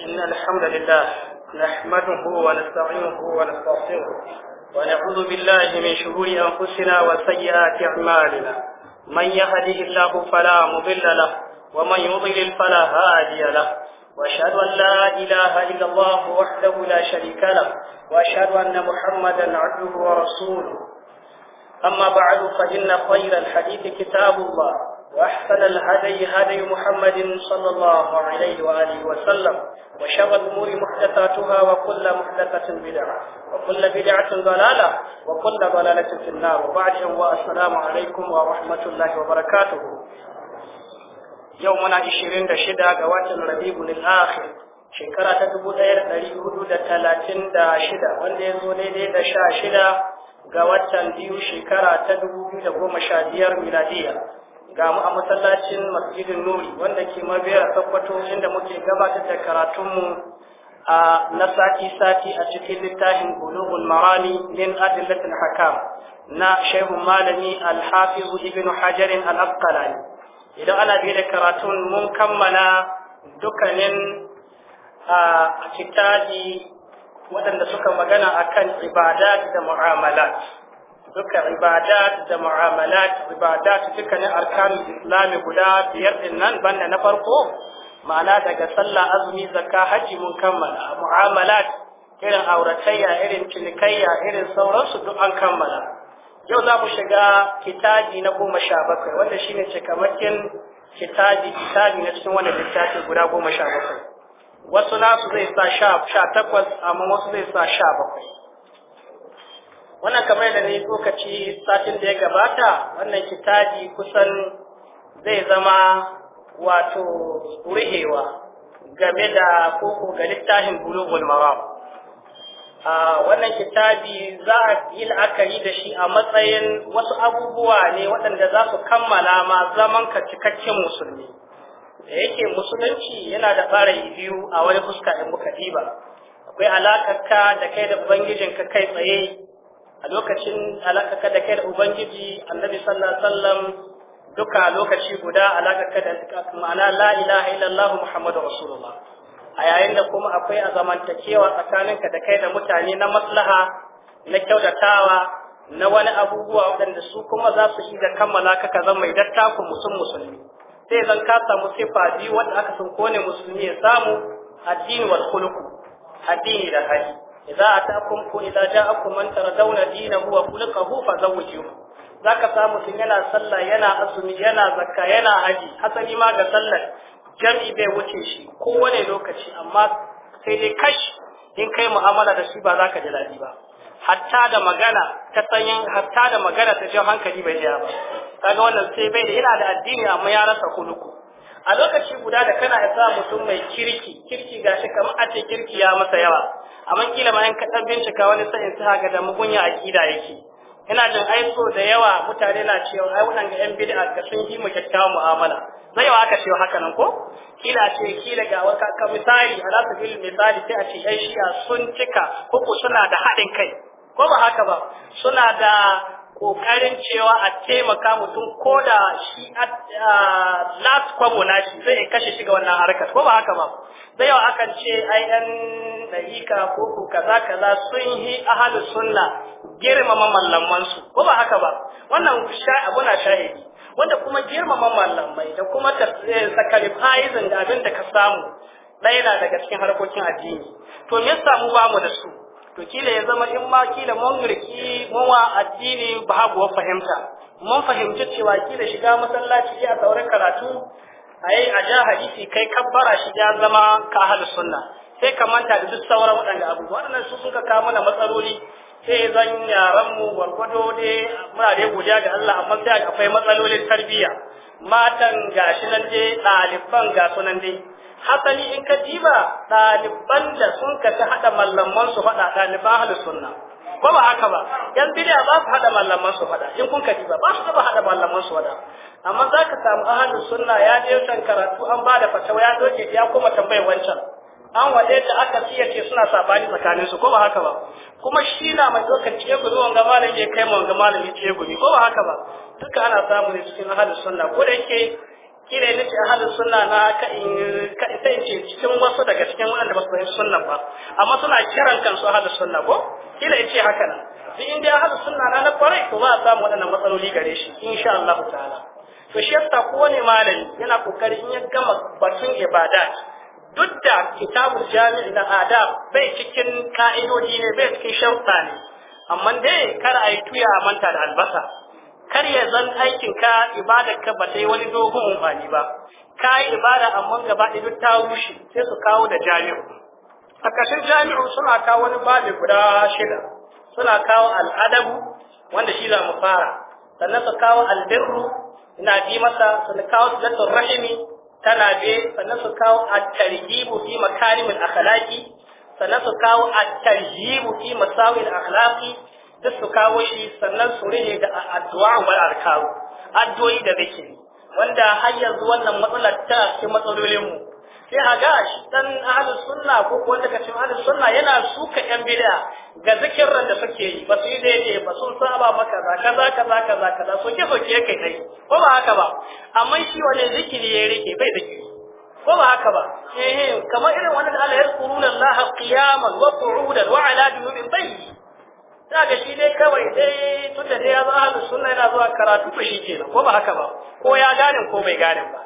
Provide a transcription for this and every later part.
إن الحمد لله نحمده ونستعينه ونستغفره ونعوذ بالله من شرور أنفسنا وسيئات أعمالنا من يهده الله فلا مضل له ومن يضلل فلا هادي له وأشهد أن لا إله إلا الله وحده لا شريك له وأشهد أن محمدا عبده ورسوله أما بعد فإن خير الحديث كتاب الله وأحسن الهدي هدي محمد صلى الله عليه وآله وسلم وشر الأمور محدثاتها وكل محدثة بدعة وكل بدعة ضلالة وكل ضلالة في النار وبعد والسلام عليكم ورحمة الله وبركاته يومنا 26 ga watan Rabiul Akhir shekara ta 1436 wanda ya zo daidai da 16 ga شكرا تدبو shekara ta 2015 miladiya ga mu a masallacin masjidin nuri wanda ke mabiyar sakkwato inda muke gabatar da karatunmu a na sati-sati a cikin littafin bulugul marami min adillatul hakam na shehu malami alhafiz ibn hajarin al-asqalani idan ana biye da karatun mun kammala dukkanin a kitabi waɗanda suka magana akan ibada da mu'amalat duka ibada da mu'amalat ibadat dukkanin arkanin islami guda biyar din nan banda na farko ma'ana daga sallah azumi zakka haji mun kammala mu'amalat irin auratayya irin cinikayya irin sauransu duk an kammala yau za mu shiga kitabi na goma sha bakwai wanda shine cikamakin kitabi kitabi na cikin wannan littafi guda goma sha bakwai wasu nasu zai sa sha takwas amma wasu zai sa sha bakwai wannan kamar da ni lokaci satin da ya gabata wannan kitabi kusan zai zama wato ruhewa game da koko ga littafin bulugul maram wannan kitabi za a yi la'akari da shi a matsayin wasu abubuwa ne waɗanda za su kammala ma zaman ka cikakken musulmi da yake musulunci yana da fara biyu a wani fuska in muka diba akwai alakarka da kai da ubangijinka kai tsaye a lokacin alakaka da kai da ubangiji annabi sallallahu alaihi wasallam duka lokaci guda alakaka da ma'ana la ilaha illallah muhammadu rasulullah a yayin da kuma akwai a zamantakewa tsakaninka da kai da mutane na maslaha na kyautatawa na wani abubuwa waɗanda su kuma za su shiga kammala ka ka zama mai ku musun musulmi sai zan ka samu sifa biyu wanda aka sun kone musulmi ya samu addini wal khuluq addini da hali idza atakum ko idza ja'akum man taradawna dinahu wa khulquhu fazawwijuhu zaka samu tun yana sallah yana azumi yana zakka yana haji hasali ma ga sallar Jami bai wuce shi kowane lokaci amma sai dai kash in kai mu'amala da shi ba za ka ji daɗi ba hatta da magana ta sanyin hatta da magana ta jan hankali bai da ba kaga wannan sai bai da yana da addini amma ya rasa kuluku a lokaci guda da kana isa mutum mai kirki kirki gashi kamar a ce kirki ya masa yawa abin kila ma yan ka bin bincika wani sa'in sai ga da mugunya akida yake ina jin aiko da yawa mutane na cewa ai wannan ga yan bid'a ga sun yi mu kyakkyawan mu'amala zai yawa aka cewa haka nan ko kila ce kila ga waka ka misali ala sabil misali sai a ce ai shi'a sun cika ko suna da haɗin kai ko ba haka ba suna da kokarin cewa a taimaka mutum ko da shi last kwabo na shi zai in kashe shi ga wannan harkar ko ba haka ba da yawa akan ce ai yan dahika ko ku kaza kaza sun yi ahalu sunna girmama mallamansu ko ba haka ba wannan abu na shahidi wanda kuma girmama mallamai da kuma eh, sacrificing da abin da ka samu ɗaya na daga cikin harkokin addini to me ya mu ba mu da su to kila ya zama in ma kila mun riki mun wa addini babu fahimta mun fahimci cewa kila shiga masallaci a saurin karatu ayi a ja hadisi kai kabbara shiga zama ka ahlus sunna sai ka manta da duk sauran waɗanda abubuwa su suka ka mana matsaloli sai zan yaran mu gwargwado dai muna dai godiya ga Allah amma sai akwai matsalolin tarbiyya matan gashi nan dai ɗaliban ga sunan dai hasali in ka diba ɗaliban da sun ka ta haɗa mallaman su faɗa ɗaliban halin sunna ba ba haka ba yan bidiya ba su haɗa mallaman su faɗa in kun ka diba ba su taɓa haɗa mallaman su faɗa amma za ka samu ahalin sunna ya je shan karatu an ba da fatawa ya doke ya kuma tambaye wancan an waɗe da aka fiye ce suna sabani tsakanin su ko ba haka ba kuma shi na mai ɗaukar ce gumi wanga malami ya kai wanga malami ce gumi ko ba haka ba duka ana samu ne cikin ahalin sunna ko da yake kila ne ce sunna na ka in sai ce cikin wasu daga cikin wanda ba su fahimci sunna ba amma suna kiran kansu ahalin sunna ko kila ce haka nan duk inda ahalin sunna na na kwarai to ba a samu waɗannan matsaloli gare shi insha Allah ta'ala to shi yasa kowane malami yana kokari in ya gama batun ibada duk da kitabu jami'i na adab bai cikin ka'idodi ne bai cikin sharuɗa ne amma dai kar a yi tuya manta da albasa kar ya zan aikin ka ibadar ka ba ta yi wani dogon amfani ba ka yi ibada amma gaba ɗaya ta rushe sai su kawo da jami'u a kashin jami'u suna kawo wani babi guda shida suna kawo al'adabu wanda shi za mu fara sannan su kawo albirru ina bi masa su kawo silatul rahimi tana be sannan su kawo at-tarhibu fi makarimin akhlaqi sannan su kawo at-tarhibu fi masawil akhlaqi duk su kawo shi sannan su rihe da addu'a wal arkaru addu'i da zikiri wanda har yanzu wannan matsalar ta cikin mu sai a ga shi dan ahlus sunna ko ko daga cikin ahlus sunna yana suka yan bid'a ga zikirin da suke yi ba su yi daidai ba sun saba maka za ka ka ka za za za ka kaza so ke so ke kai dai ko ba haka ba amma shi wani zikiri ya rike bai zikiri ko ba haka ba eh, eh kamar irin wannan Allah ya kuruna Allah qiyaman wa qu'udan wa ala junubin bayyi Da ga shi dai kawai dai tun da dai ya zo ahlus sunna yana zuwa karatu ba shi kenan ko ba haka ba ko ya gane ko bai gane ba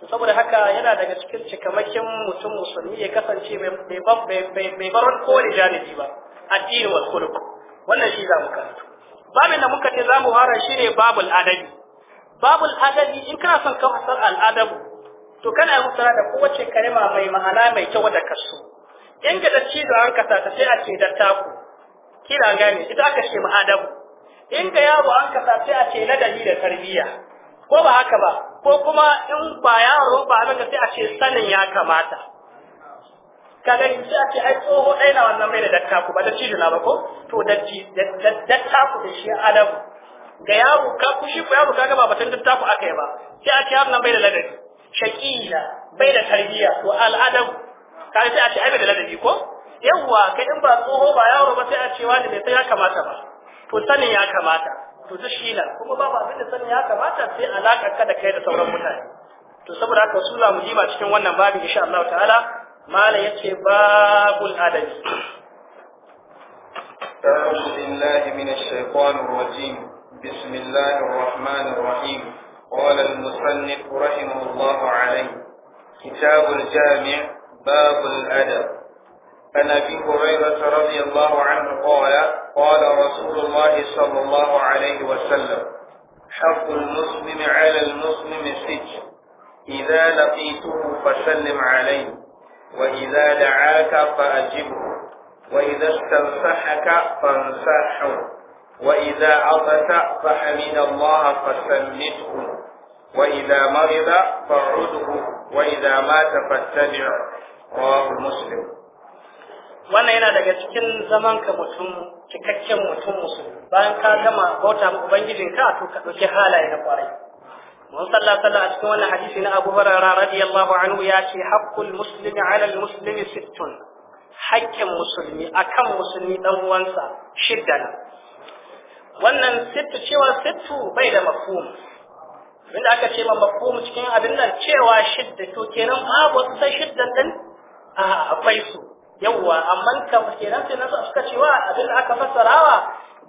to saboda haka yana daga cikin cikamakin mutum musulmi ya kasance mai bai bar kowane janibi ba addini wal khuluq wannan shi za mu karatu babin da muka ce zamu mu fara shine babul adabi babul adabi in kana son ka san al adabu to kana yi musala da kowace kalma mai ma'ana mai kyau da kasu yanka da an kasa ta sai a ce da taku kila gane ita aka ce ma'adabu ga yaro an kasa sai a ce ladabi da tarbiyya ko ba haka ba ko kuma in ba yaro ba haka sai a ce sanin ya kamata kaga in sai a ce ai tsoho ɗaya na wannan mai da ku ba da cijo na ba ko to dattaku da shi adabu ga yaro ka kushi ko yaro kaga ba batun dattaku aka yi ba sai a ce yaro nan bai da ladabi shaƙiya bai da tarbiyya to al'adabu kaga sai a ce ai bai da ladabi ko yawwa kai in ba tsoho ba yaro ba sai a cewa da bai sai ya kamata ba to sanin ya kamata to duk shi na kuma babu ba da sanin ya kamata sai alaƙar ka da kai da sauran mutane to saboda haka su mu jima cikin wannan babin insha Allah ta'ala mala yace babul adabi أعوذ بالله من الشيطان الرجيم بسم الله الرحمن الرحيم قال المصنف رحمه الله عليه كتاب الجامع باب الأدب عن ابي هريره رضي الله عنه قال قال رسول الله صلى الله عليه وسلم حق المسلم على المسلم سجن اذا لقيته فسلم عليه واذا دعاك فاجبه واذا استنصحك فانصحه واذا عطس فحمد الله فسلمته واذا مرض فعده واذا مات فاتبعه رواه مسلم wannan yana daga cikin zaman ka mutum cikakken mutum musulmi bayan ka gama bauta ma ubangijinka to ka ɗauki halaye na kwarai mun salla sallah a cikin wannan hadisi na Abu Hurairah radiyallahu anhu ya ce haqqul muslimi 'ala al-muslimi sittun haƙƙin musulmi akan musulmi dan uwansa shidda ne wannan sittu cewa sittu bai da mafhum inda aka ce ma mafhum cikin abin nan cewa shidda to kenan babu wasu shiddan din a akwai su yawwa amma kam kenan sai nasu suka cewa abin da aka fassarawa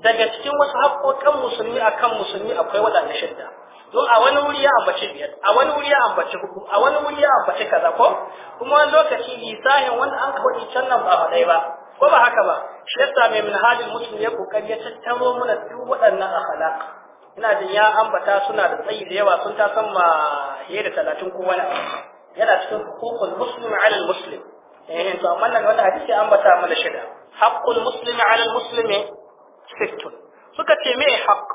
daga cikin wasu haƙoƙan musulmi akan musulmi akwai waɗanda shidda don a wani wuri ya ambaci biyar a wani wuri ya ambaci hudu a wani wuri ya ambaci kaza ko kuma wani lokaci lisahin wanda an ka faɗi can nan ba faɗai ba ko ba haka ba shi yasa min halin musulmi ya ƙoƙari ya tattaro mana duk waɗannan akhlaq ina jin ya ambata suna da tsayi da yawa sun ta san ma fiye da talatin ko wani yana cikin hukukul muslim ala muslim eh to amma nan wannan hadisi an bata mana shida haqqul muslimi ala muslimi sittun suka ce me haqq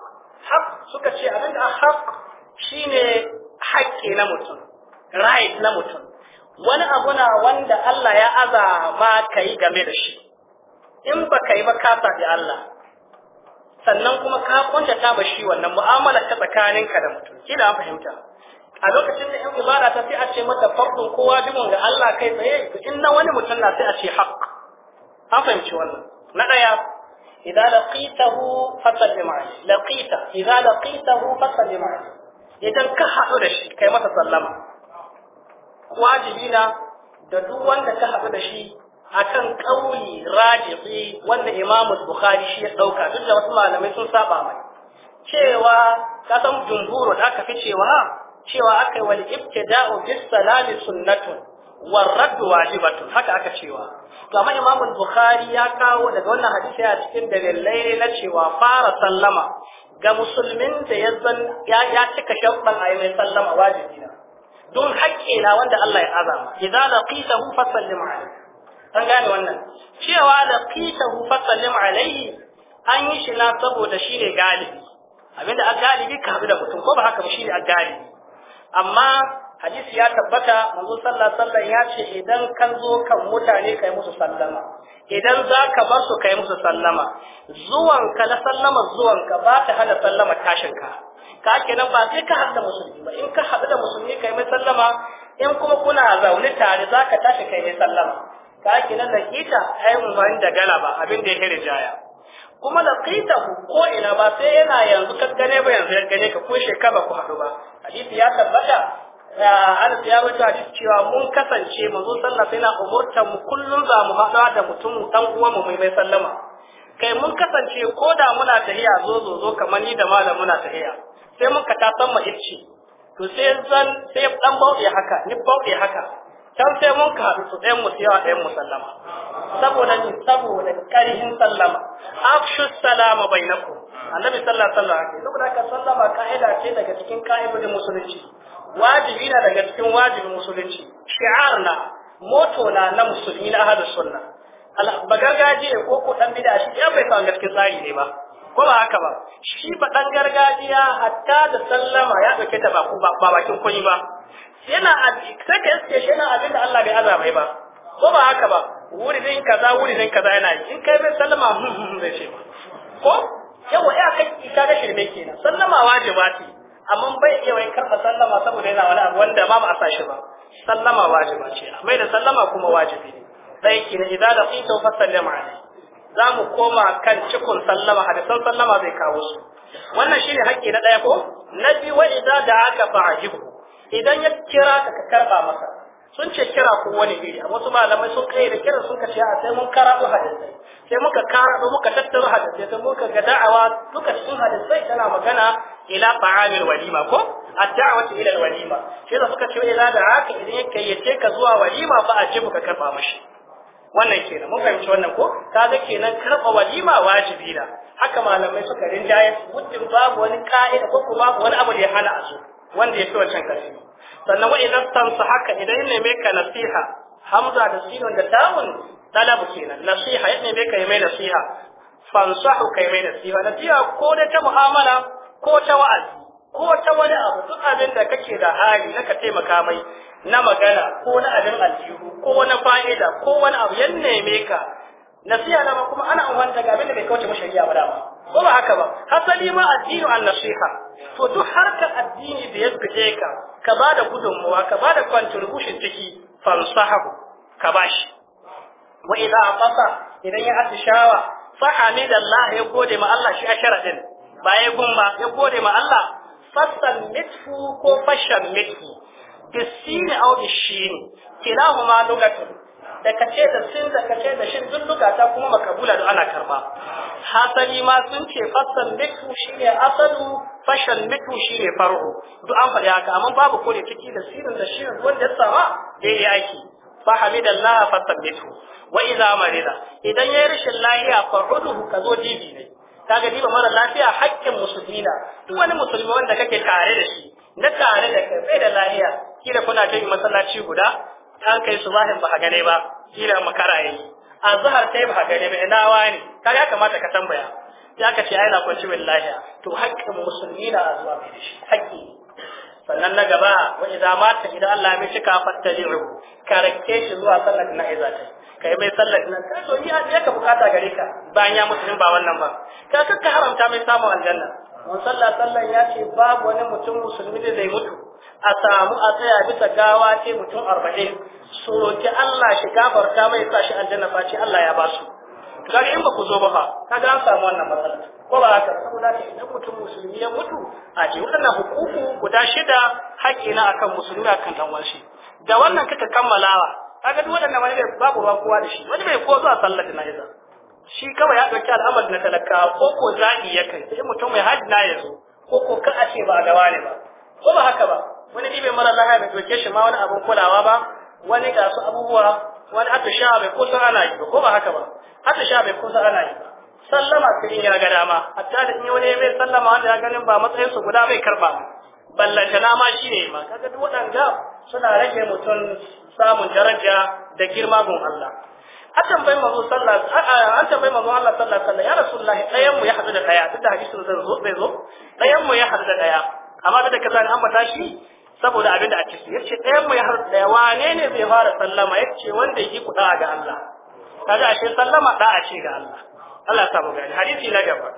haqq suka ce abin da haqq shine haƙƙi na mutum right na mutum wani abu na wanda Allah ya aza ma kai game da shi in ba kai ba ka sabi Allah sannan kuma ka ta ba shi wannan mu'amala ta tsakaninka da mutum kila fahimta a lokacin da in ibada ta sai a ce mata farkon kowa jibin ga Allah kai tsaye in na wani mutum na sai a ce haq an fahimci wannan na daya idza laqitahu fasalli ma'i laqita idza laqitahu fasalli ma'i idan ka haɗu da shi kai masa sallama wajibi na da duk wanda ka haɗu da shi akan kauli rajihi wanda Imamul Bukhari shi ya dauka duk da wasu malamai sun saba mai cewa kasan jumhurun aka fi cewa cewa aka yi wal ibtida'u bis salami sunnatun war radd wajibatun haka aka cewa to amma Imam Bukhari ya kawo daga wannan hadisi a cikin dalilai na cewa fara sallama ga musulmin da ya zan ya ya cika shabban ayi mai sallama wajibi na don hakke na wanda Allah ya azama idza laqitahu fasallim alayhi an gane wannan cewa laqitahu fasallim alayhi an yi shi na saboda shine galibi abinda a galibi ka da mutum ko ba haka ba shine a galibi amma hadisi ya tabbata manzo sallallahu alaihi ya ce idan kan zo kan mutane kai musu sallama idan za ka bar su kai musu sallama zuwan ka na sallama zuwan ka ba ta hana sallama tashin ka ka kenan ba sai ka hada musulmi ba in ka hada da musulmi kai mai sallama in kuma kuna zaune tare za ka tashi kai mai sallama ka kenan da kita ai mun da ba, abin da ya rijaya kuma da ku, ko ina ba sai yana yanzu kaskane ba yanzu gane ka ko shekara ku haɗu ba hadisi ya tabbata Anas ya wuce hadisi cewa mun kasance zo sallah sai na umurta mu kullum za mu haɗu da mutum dan uwan mu mai sallama kai mun kasance ko da muna tahiya zo zo zo kamar ni da malam muna tahiya sai mun ka ta san mu to sai zan sai dan bauɗe haka ni bauɗe haka can sai mun ka haɗu su ɗayan musu yawa ɗayan musallama saboda ni saboda karihin sallama afshu salama bainakum annabi sallallahu alaihi wasallam ake saboda ka sallama ka'ida ce daga cikin ka'idodin musulunci wajibi na daga cikin wajibin musulunci shi'ar na moto na na musulmi na ahadu sunna ba gargajiya ko ko dan bid'a shi ya bai san gaske tsari ne ba ko ba haka ba shi ba dan gargajiya hatta da sallama ya dauke ta ba ba bakin kunyi ba yana sai ka iske shi yana abin da Allah bai azamai ba ko ba haka ba wurin kaza wurin kaza yana yi in kai mai sallama mun hmm, hmm, hmm, zai ce ba ko yawa ya kai ita da shirme kenan sallama wajiba ce amma bai iya wai karɓa sallama saboda yana wani abu wanda ba ba a sa shi ba sallama wajiba ce amma da sallama kuma wajibi ne dai kina idan da fito fa sallama alai za mu koma kan cikun sallama hadisan sallama zai kawo su wannan shine haƙƙi na ɗaya ko na biyu wa idza da aka fa'ajibu idan ya kira ka ka karba masa sun ce kira ko wani iri a wasu malamai sun kai da kira sun ka ce a sai mun karabo hadisai sai muka karabo muka tattaro hadisai sai muka ga da'awa duka cikin hadisai tana magana ila ta'amil walima ko ad-da'wati ila al-walima shi da suka ce ila da haka idan yake yace ka zuwa walima ba a ce muka karba mashi wannan kenan mun fahimci wannan ko kaga kenan karba walima wajibi da haka malamai suka rinjaye muddin babu wani ka'ida ko kuma babu wani abu da ya hana a so wanda ya fi wancan ƙarfi sannan wa idan tansu haka idan ya mai ka nasiha hamza da sinon da tawun talabu kenan nasiha ya mai ka yi mai nasiha fansahu kai mai nasiha nasiha ko da ta mu'amala ko ta wa'azi ko ta wani abu duk abin da kake da hali na ka taimaka mai na magana ko na abin aljihu ko na fa'ida ko wani abu yan neme ka nasiha na kuma ana umarta ga abin da bai kauce mashari'a ba dama ko ba haka ba hasali ma addinu an nasiha to duk harkar addini da ya fice ka ka ba da gudunmuwa ka ba da contribution ciki falsafa ka bashi wa idan fasa idan ya atishawa fa hamidallah ya gode ma Allah shi a sharadin ba ya gumba ya gode ma Allah fassan mitfu ko fashan mitfu bisini au bishini kilahuma lugatun da kace da sun da kace da shin duk ta kuma makabula da ana karba hasali ma sun ce fasal mikhu shine asalu fashal mikhu shine far'u duk an faɗi haka amma babu kore ciki da sirin da shi wanda ya da ya yaki fa hamidallahi fasabbithu wa idza marida idan yayi rashin lafiya uduhu kazo dibi ne kaga diba mara lafiya haƙƙin musulmina na duk wani musulmi wanda kake tare da shi na tare da kai bai da lafiya kila kuna ta yi masallaci guda ta kai su subahin ba gane ba kila makara a zahar kai ba gane ba ina wani kaga kamata ka tambaya ya kace ai na kwanci wallahi to haƙƙin musulmi na zuwa mai da shi haƙƙi sannan na gaba wa idza mata idan Allah ya mishi ka fattajiru ka rake shi zuwa sallar na izata kai mai sallar na ka so ni ya ka bukata gare ka bayan ya mutu ba wannan ba ka kakka haramta mai samun aljanna mun sallah sallan ya ce babu wani mutum musulmi da zai mutu a samu a tsaya bisa gawa ce mutum arba'in su roƙi Allah shi gafarta mai sa shi aljanna ba ce Allah ya ba su ga in ba ku zo ba fa kaga an samu wannan matsala ko ba haka saboda ka idan mutum musulmi ya mutu a ce wannan hukuku guda shida haƙƙi na akan musulmi akan dan wanshi da wannan kaka kammalawa ga duk wannan wani bai babu ruwa kowa da shi wani bai ko zuwa sallar jana'iza shi kawai ya ɗauki al'amarin na talakawa ko ko zaɗi ya kai sai mutum mai hajji na ya zo ko ko ka a ce ba gawa ne ba ko ba haka ba wani ɗibe mara lahiya bai doke shi ma wani abin kulawa ba wani ga su abubuwa wani hata sha bai kusa ana yi ba ko ba haka ba hata sha bai kusa ana yi ba sallama kirin ya ga dama hatta da in wani mai sallama wanda ya ganin ba matsayin su guda bai karba ballantana ma shine ma kaga duk waɗanda suna rage mutum samun daraja da girma gun Allah an tambayi manzo sallallahu an tambayi manzo Allah sallallahu alaihi wasallam ya rasulullahi dayan mu ya hadu da daya duk da hadisin zan zo zai zo dayan mu ya hadu da daya amma da kaza an bata shi saboda abin da ake yace ya ce ɗayan mai har da wane ne zai fara sallama yace wanda yake yi kuɗa ga Allah kaji ce sallama da a ce ga Allah Allah ta gani hadisi la gaba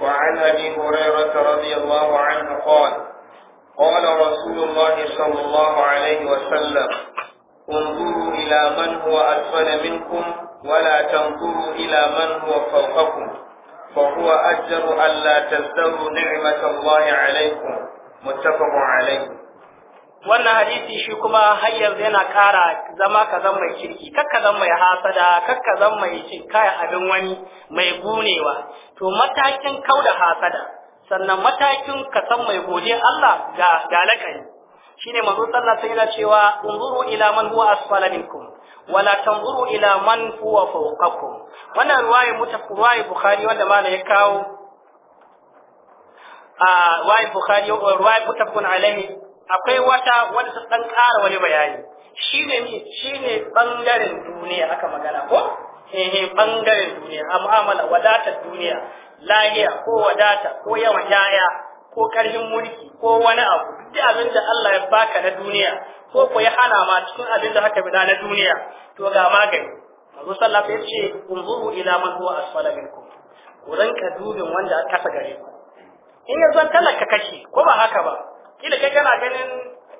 wa an abi رضي الله anhu qala qala رسول sallallahu alaihi wa sallam انظروا إلى من هو أسفل منكم ولا تنظروا إلى من هو فوقكم فهو أجر ألا تزدروا نعمة الله عليكم متفق عليه wannan hadisi shi kuma har yanzu yana ƙara zama ka zan mai kirki kakka zan mai hasada kakka zan mai cin kaya abin wani mai gunewa to matakin kauda hasada sannan matakin ka san mai gode Allah ga dalakan shine manzo sallallahu alaihi wasallam cewa unzuru ila man huwa asfala minkum wala tanzuru ila man huwa fawqakum wannan ruwayi mutafarrai bukhari wanda mana ya kawo a ruwayar bukhari ruwayar mutafkun alaihi akwai wata wanda ta dan ƙara wani bayani shi ne shi bangaren duniya aka magana ko eh bangaren duniya a mu'amala wadatar duniya lahiya ko wadata ko yawan yaya ko ƙarfin mulki ko wani abu duk abin Allah ya baka na duniya ko ko ya hana ma cikin abin da aka bi na duniya to ga magani alaihi wasallam ya ce unzuru ila man huwa asfala minkum ku ranka dubin wanda aka kasa gare ku in ya zan talaka kashi ko ba haka ba kila kai kana ganin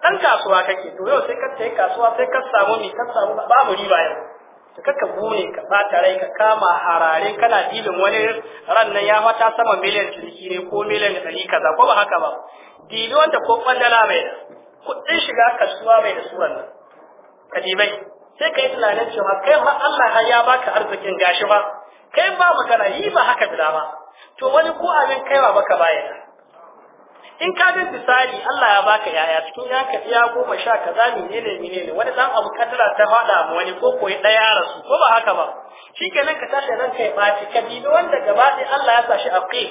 dan kasuwa kake to yau sai ka tayi kasuwa sai ka samu ni ka samu babu riba yau to kaka gune ka bata rai ka kama harare kana dilin wani ran nan ya fata sama miliyan ciniki ne ko miliyan ɗari kaza ko ba haka ba dili wanda ko kwandala mai kuɗin shiga kasuwa mai da suran nan kadibai sai ka yi tunanin cewa kai ma Allah ya baka arzikin gashi ba kai ba magana yi ba haka da dama to wani ko abin kaiwa baka bayyana? in ka bin misali Allah ya baka yaya cikin yanka iya goma sha kaza menene menene wani dan abu kadara ta fada mu wani ko koyi daya rasu ko ba haka ba shikenan ka tashi ranka ya baci ka Bi wanda gaba ɗaya Allah ya sa shi aqi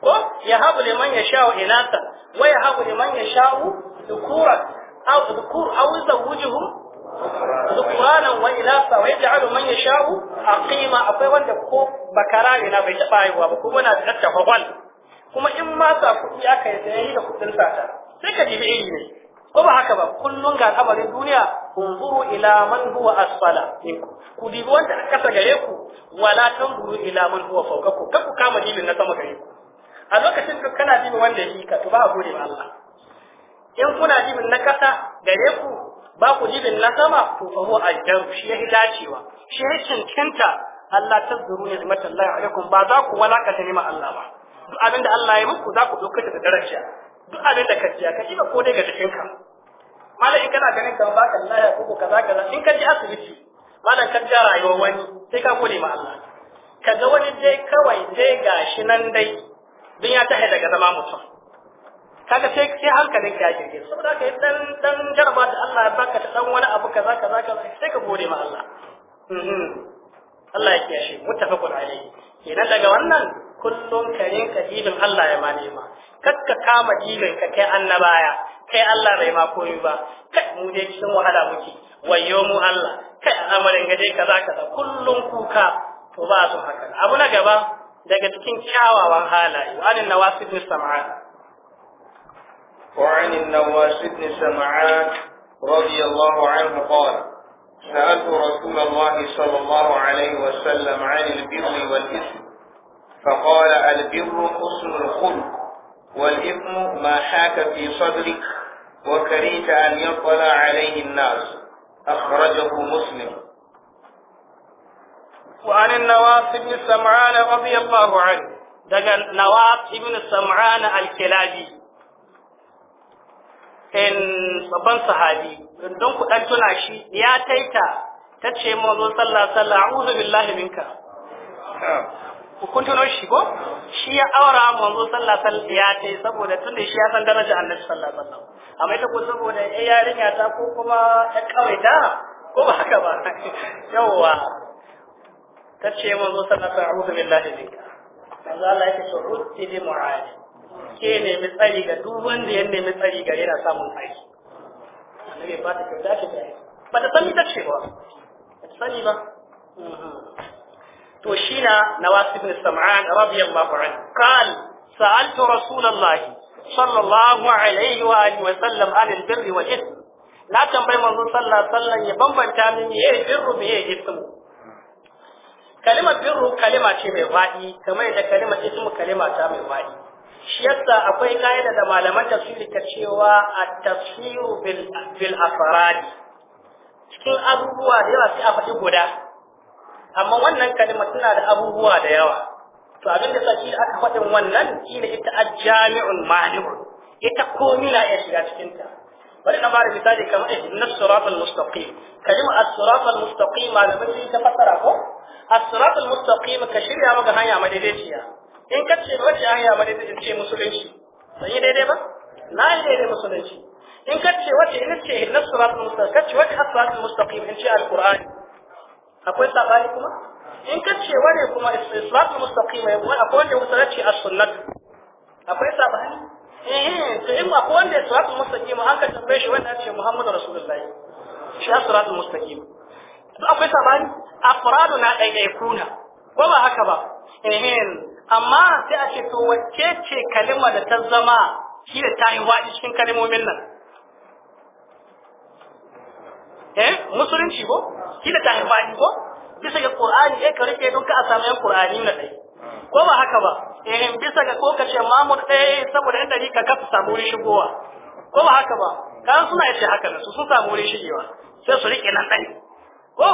ko ya habu liman yasha'u inata wa ya habu liman yasha'u dukura aw dukur aw zawjuhum zukuranan wa ilasa wa yaj'alu man yasha'u aqima akwai wanda ko bakara ne na bai taba haihuwa ba kuma da tsatta kwakwal kuma in ma sa kuɗi aka yi sayayya da kuɗin sata sai ka dibi iri ne ko ba haka ba kullun ga al'amarin duniya unzuru ila man huwa asfala ku dibi wanda a kasa gare ku wala tanzuru ila man huwa ku. kar ku kama dibin na sama gare ku a lokacin da kana dibi wanda yake ka to ba gode ba Allah in kuna dibin na kasa gare ku ba ku jibin na sama to fa huwa ajab shi ya dacewa shi ya cancanta Allah ta zuru ne zumata Allah alaikum ba za ku walaka ta ma Allah ba duk abin da Allah ya muku za ku dauka da daraja duk abin da ka ji ka ji ko dai ga ka malai kana ganin kan baka Allah ya kuku kaza kaza in ka ji asibiti malam ka ji rayuwar wani sai ka gode ma Allah ga wani dai kawai dai gashi nan dai dun ya tahe ga zama mutum kaga sai sai hankalin ka ya girgiza saboda ka dan dan jarma da Allah ya baka dan wani abu kaza kaza kaza sai ka gode ma Allah mm-hmm. Allah ya kiyashe muttafaqun alayhi kenan daga wannan kullum ka rinka Allah ya ma nema kakka kama dinin ka kai annabaya kai Allah bai ma koyi ba kai mu dai cikin wahala muke wayyo mu Allah kai amarin ga dai kaza kaza kullum kuka to ba su haka abu na gaba daga cikin kyawawan halaye wa'annan nawasibus sam'a وعن النواس بن سمعان رضي الله عنه قال سألت رسول الله صلى الله عليه وسلم عن البر والإثم فقال البر حسن الخلق والإثم ما حاك في صدرك وكريت أن يطلع عليه الناس أخرجه مسلم وعن النواس بن سمعان رضي الله عنه دقى نواس بن سمعان الكلابي in babban sahabi don ku dan tuna shi ya taita ta ce manzo sallah sallah wasallam a'udhu billahi minka kun tuno shi ko shi ya aura zo sallah sallah ya ce saboda tun da shi ya san daraja annabi sallah sallah. amma ita ko saboda ai yarinya ta ko kuma ta kawaita ko ba haka ba yawa ta ce manzo sallallahu sallah sallah a'udhu billahi minka manzo Allah ya ce rutti bi mu'adi ke nemi tsari ga duk wanda ya nemi tsari ga yana samun tsari annabi ba ta kyauta ce ta ba ta sani ta ce ba ba ta sani ba to shi na nawas ibn sam'an radiyallahu anhu qal sa'altu rasulullahi sallallahu alaihi wa alihi wa sallam an albirr wal ithm na tambayi manzon sallallahu alaihi wasallam ya bambanta min me yayi birru me yayi ithm kalimar birru kalima ce mai faɗi kamar da kalimar ithm kalima ta mai faɗi shiyasa akwai kaida da malaman tafsiri ta cewa at-tafsiru bil bil afradi cikin abubuwa da yawa sai a faɗi guda amma wannan kalma tana da abubuwa da yawa to abin da sai aka faɗin wannan shine ita al-jami'ul ita komai na iya shiga cikin ta bari na bari misali kamar na al mustaqim kalima as al mustaqim malamin ta fasara ko as al mustaqim ka shirya maka hanya madaidaiciya in ka ce wace hanya da daidai ce musulunci ban yi daidai ba na yi daidai musulunci in ka ce wace in ce hidnas siratul mustaqim ka ce wace as-siratul mustaqim in ce alqur'ani akwai sabani kuma in ka ce wane kuma siratul mustaqim ya kuma akwai wanda wuta ce as-sunnah akwai sabani eh to in akwai wanda siratul mustaqim an ka tambaye shi wanda ce muhammadu rasulullahi shi as-siratul mustaqim akwai sabani afradu na ɗaiɗaikuna ko ba haka ba eh, amma sai a ce to wacce ce kalima da ta zama shi da ta yi waɗi cikin kalimomin nan eh musulunci ko shi da ta yi waɗi ko bisa ga qur'ani eh ka rike don ka a samu yan qur'ani na dai ko ba haka ba eh bisa ga ko ka ce mamud dai eh, saboda yan dari ka kafa samu wurin shigowa ko ba haka ba kan suna yace haka ne su sun samu wurin shigewa sai su rike nan dai ko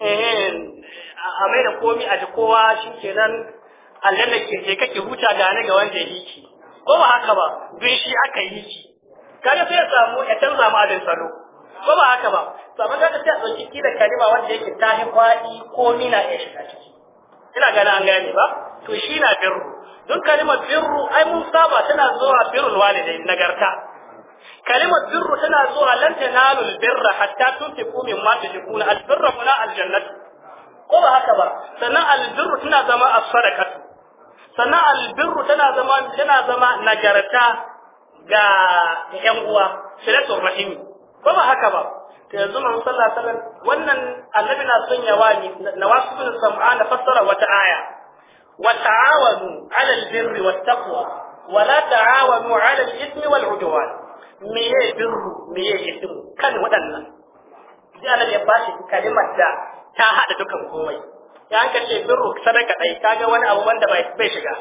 eh a mai da komi a ji kowa shikenan aljanna ke ce kake huta da ne ga wanda yi ki ko ba haka ba dun shi aka yi ki kaga sai ya samu ya canza ma da salo ko ba haka ba saboda da ta dauki ki da kalima wanda yake tahi kwadi ko mina ya shiga ciki ina gani an gane ba to shi na birru don kalimar birru ai mun saba tana zuwa birrul walidai nagarta kalimar birru tana zuwa lan tanalul birra hatta tunfiqu mimma tuhibuna al birra na al jannatu ko ba haka ba sannan albirru tana zama as-sadaqa sannan albirru tana zama tana zama nagarta ga yan uwa shiratul rahimi ko ba haka ba to yanzu Muhammad sallallahu alaihi wasallam wannan annabi na son ya wani nawasu bin sam'a na fassara wata aya wa ta'awanu 'ala albirri wattaqwa wa la ta'awanu 'ala al-ithmi wal 'udwan meye birru meye ithmi kan waɗannan sai annabi ya bashi kalimar da ta hada dukan komai ya ka ce zuru sadaka dai kaga wani abu wanda bai shiga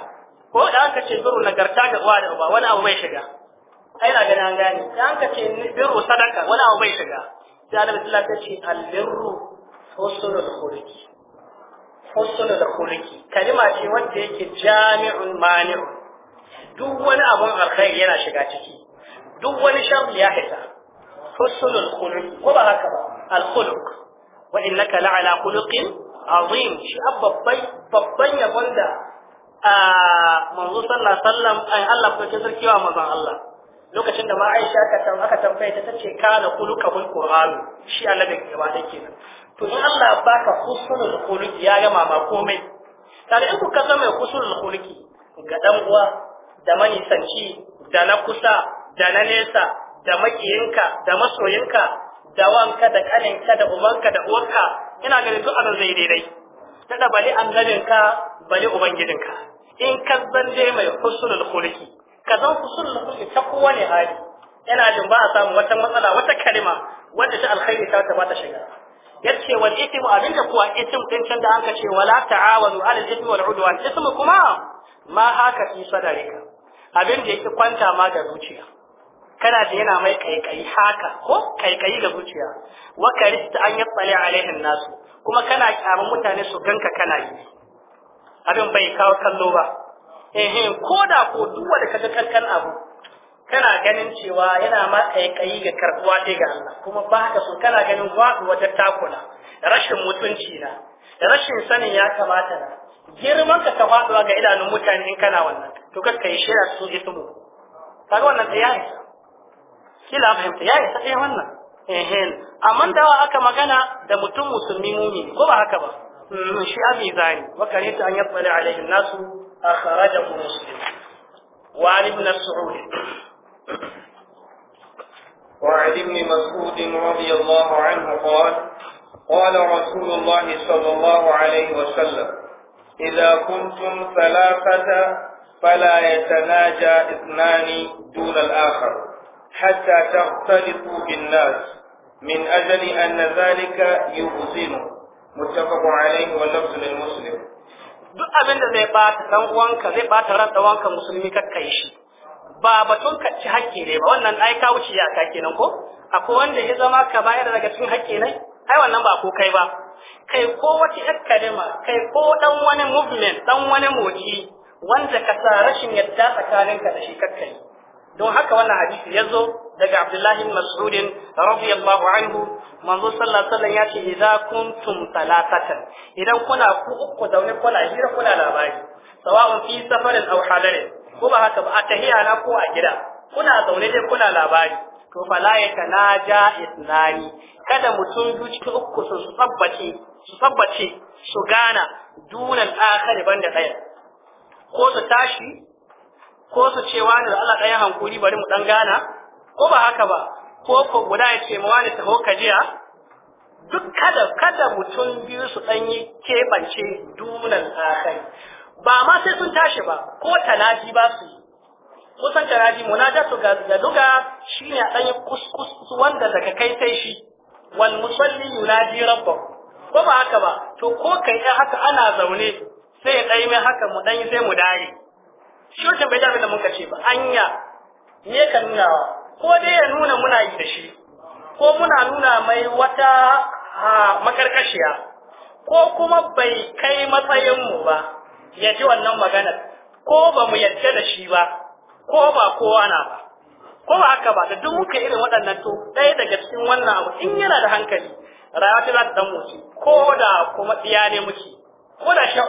ko da ka ce birru nagarta ga uwa da uba wani abu bai shiga ai na gani an gani ya ka ce zuru sadaka wani abu bai shiga da Annabi sallallahu alaihi wasallam ce albirru husnul khuluqi husnul khuluqi kalima ce wanda yake jami'un mani'u duk wani abun alkhairi yana shiga ciki duk wani sharri ya fita husnul khuluqi ko ba haka ba al khuluq wa innaka la'ala khuluqin azim shi babban babban yabon da a manzo sallallahu alaihi wasallam ai Allah ko sarki wa manzon Allah lokacin da ma Aisha ka tan aka tambaye ta tace kana kulukahul qur'an shi annabi gaba da kenan to in Allah baka husnul khuluq ya gama ma komai tare in ka zama mai husnul khuluq ga dan uwa da manisanci da na kusa da na nesa da makiyinka da masoyinka da wanka da kaninka da umanka, da uwanka. ina ganin duk abin zai daidai tada bali ka bali ubangijinka in ka zan dai mai husnul khuluqi ka zan husnul khuluqi ta kowane hali ina jin ba a samu wata matsala wata kalima wanda ta alkhairi ta ta bata shiga yace wal ithmu abinda kuwa ithm din da anka ce wala ta'awanu alal ithmi wal udwan ismu kuma ma haka fi sadarika abin da yake kwanta ma da zuciya kana da yana mai kaikayi haka ko kaikayi ga zuciya wa karista an yatsali alaihin nasu kuma kana kyamun mutane su ganka kana yi abin bai kawo kallo ba eh ko da ko duk wanda kaga kankan abu kana ganin cewa yana ma kaikayi ga karkuwa dai ga Allah kuma ba haka so kana ganin wadu wata takula rashin mutunci na rashin sanin ya kamata na girman ka ta faduwa ga idanun mutane in kana wannan to kakka yi shira su ismu kaga wannan tsaya kila fahimta ya isa ɗaya wannan ehen amma dawa aka magana da mutum musulmi mumi ko ba haka ba shi a mizani wa karita an yatsali alaihin nasu a kharajahu muslim wa ibn mas'ud وعن ابن مسعود رضي الله عنه قال قال رسول الله صلى الله عليه وسلم إذا كنتم ثلاثة فلا يتناجى اثنان دون الآخر حتى تختلطوا بالناس من أجل أن ذلك يحزنه متفق عليه واللفظ للمسلم duk abin da zai bata dan uwanka zai bata ran dan uwanka musulmi kakka shi ba batun ka ci hakki ne ba wannan ai ka wuce ka kenan ko akwai wanda ya zama ka bayar daga cikin hakki ne ai wannan ba ko kai ba kai ko wata yar kalima kai ko dan wani movement dan wani motsi wanda ka sa rashin yadda tsakaninka da shi kakkai don haka wannan hadisi ya zo daga abdullahi mas'ud radiyallahu anhu manzo sallallahu alaihi wasallam ya ce idza kuntum talatatan idan kuna ku uku zaune kuna hira kuna labari sawa'un fi safarin aw hadarin ko ba haka ba a tahiya na ko a gida kuna zaune dai kuna labari to fala ya ja isnani kada mutum biyu cikin uku su tsabbace su tsabbace su gana dunan akhari banda ɗaya ko su tashi ko su ce wani da Allah ɗaya hankuri bari mu ɗan gana ko ba haka ba ko ko guda ya ce ma wani taho ka jiya duk kada kada mutum biyu su ɗan yi keɓance dunan tsakai. ba ma sai sun tashi ba ko talaji ba su yi kusan mu na ga ga shi shine a ɗan yi kuskus wanda daga kai sai shi wal musalli yunaji rabba. ko ba haka ba to ko kai haka ana zaune sai ya ɗaya mai haka mu ɗan yi sai mu dare shirkin bai jami da muka ce ba anya ne ka nuna ko dai ya nuna muna yi da shi ko muna nuna mai wata makarkashiya ko kuma bai kai matsayinmu ba ya ji wannan maganar ko ba mu yadda da shi ba ko ba kowa na ba ko ba haka ba da duk muka irin waɗannan to ɗaya daga cikin wannan abu in yana da hankali rayuwa ta za ta dan motsi ko da kuma tsiya ne muke ko da shan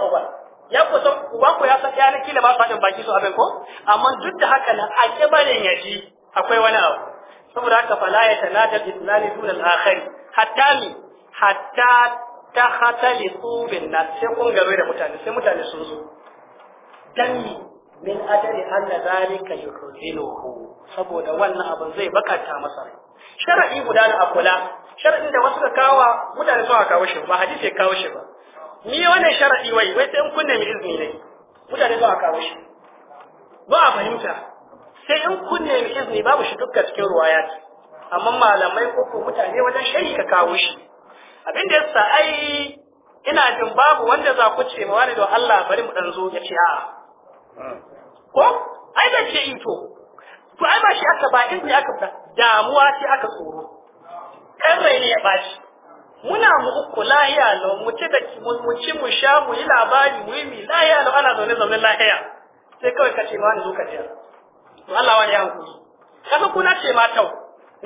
ya ku san uban ku ya san ɗaya kila ba su baki su abin ko amma duk da haka na a kibarin ya ji akwai wani abu saboda haka fala ya tanada islami dun al-akhir hatta mi hatta ta hatali subin na sai kun garo da mutane sai mutane sun zo dan mi min ajali anna zalika yuhzinuhu saboda wannan abin zai bakanta masa rai shar'i guda na akula shar'in da wasu ka kawa mutane suka kawo shi ba hadisi ya kawo shi ba ni wannan sharadi wai wai sai in kunne mi izini ne mutane ba a kawo shi ba a fahimta sai in kunne mi izini babu shi dukkan cikin ruwaya amma malamai ko ko mutane wajen shayi ka kawo shi abin da yasa ai ina jin babu wanda za ku ce ma wani don Allah bari mu dan zo ya ce a'a ko ai da ce ito to ai ba shi aka ba izini aka damuwa sai aka tsoro kan rai ne ya baci muna mu uku lahiya lo mu ci da mu ci mu sha mu yi labari mu yi mi lahiya lau ana zaune zaune lahiya sai kawai ka ce ma ni zo ka jiya to Allah wani ya hukuri kaga kuna ce ma tau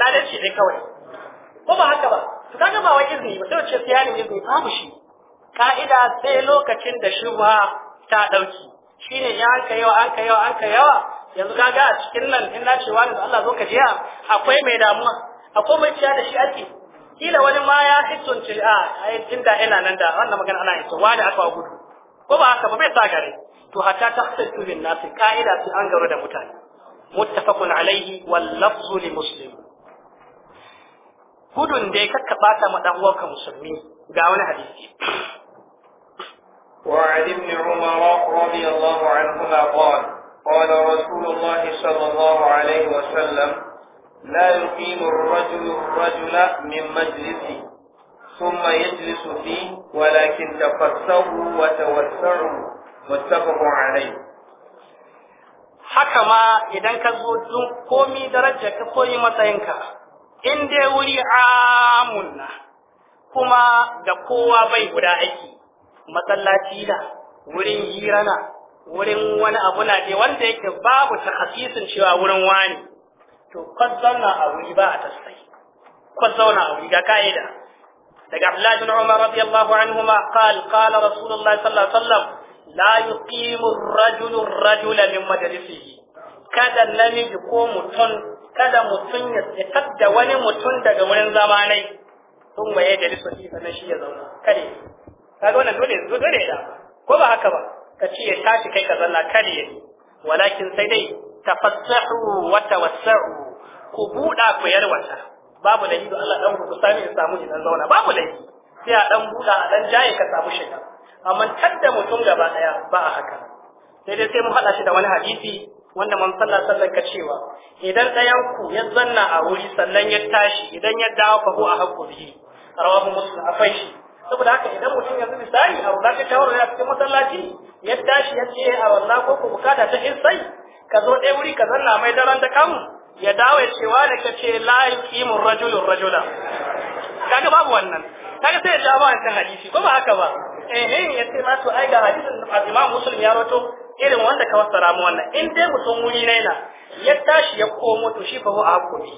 na da ce dai kawai ko ba haka ba to kaga ba wai izini ba sai wace sai yanin izini babu shi ka'ida sai lokacin da shubha ta dauki shine ya an ka yawa an ka yawa an ka yawa yanzu kaga a cikin nan in na ce wani da Allah zo ka jiya akwai mai damuwa akwai mai ciya da shi ake kila wani ma ya hitun til a ah, ai tunda ina nan da wannan magana ana yin wani aka gudu ko ba haka ba bai sa gare to hatta ta hasu bin nasi ka'ida sai an gaura da mutane muttafaqun alaihi wal lafzu li muslim gudun dai ya kakkaba ma dan uwanka musulmi ga wani hadisi وعن ابن عمر رضي الله عنهما قال قال رسول الله صلى الله عليه وسلم لا يقيم الرجل الرجل من مجلسه ثم يجلس فيه ولكن تفسروا وتوسعوا متفق عليه haka ma idan ka zo don komi daraja ka koyi matsayinka in dai wuri amunna kuma da kowa bai guda aiki masallaci da wurin hira na wurin wani abu na dai wanda yake babu takhasisin cewa wurin wani to kwas zauna a wuri ba a tasiri kwas zauna a wuri ga ka'ida daga Abdullahi bin Umar radiyallahu anhuma qal qala Rasulullahi sallallahu alaihi wasallam la yuqimu ar-rajulu ar-rajula min majlisihi kada namiji ko mutum kada mutum ya tsitar da wani mutum daga wurin zamanai sun waye da lissu shi shi ya zauna kare kaga wannan dole yanzu dole da ko ba haka ba ka ce ya tashi kai ka zalla kare walakin sai dai tafassahu wa tawassahu ku buɗa ku yarwata babu da ido Allah dan ku sami ya samu idan dan zauna babu da sai a dan buɗa a dan jaye ka samu shiga amma tadda mutum gaba daya ba a haka sai dai sai mu hada shi da wani hadisi wanda man sallah sallar ka cewa idan ɗayan ku ya zanna a wuri sannan ya tashi idan ya dawo fa a hakuri rawahu muslim akwai shi saboda haka idan mutum yanzu misali a wula ka tawar ya cikin masallaci ya tashi ya ce a wallah ko ku bukata ta in sai ka zo ɗaya wuri ka zanna mai daren da kamun ya dawo ya cewa da ka ce layin kimin rajulun rajula kaga babu wannan kaga sai ya ja ba wancan hadisi ko ba haka ba eh ya ce ma to ai ga hadisin da Imam Muslim ya roto irin wanda ka fassara mu wannan in dai mutum wuri na yana ya tashi ya komo to shi fa a hakuri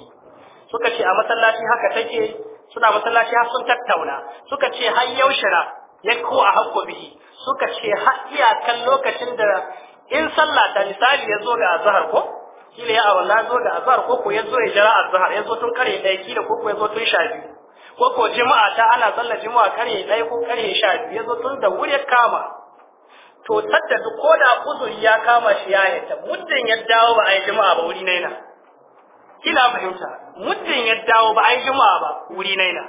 suka ce a masallaci haka take suna masallaci har sun tattauna suka ce har yaushe na ya ko a bihi. suka ce har iyakan lokacin da in sallah ta misali ya zo ga azhar ko kila ya na zo ga azhar ko ko ya zo ya jira azhar ya zo tun kare ɗaya kila ko ko ya zo tun sha biyu ko ko jima'a ta ana sallar jima'a kare ɗaya ko kare sha biyu ya zo tun da wuri ya kama to sadda duk ko da uzuri ya kama shi ya yadda muddin ya dawo ba a yi jima'a ba wuri naina kila fahimta muddin ya dawo ba a yi jima'a ba wuri naina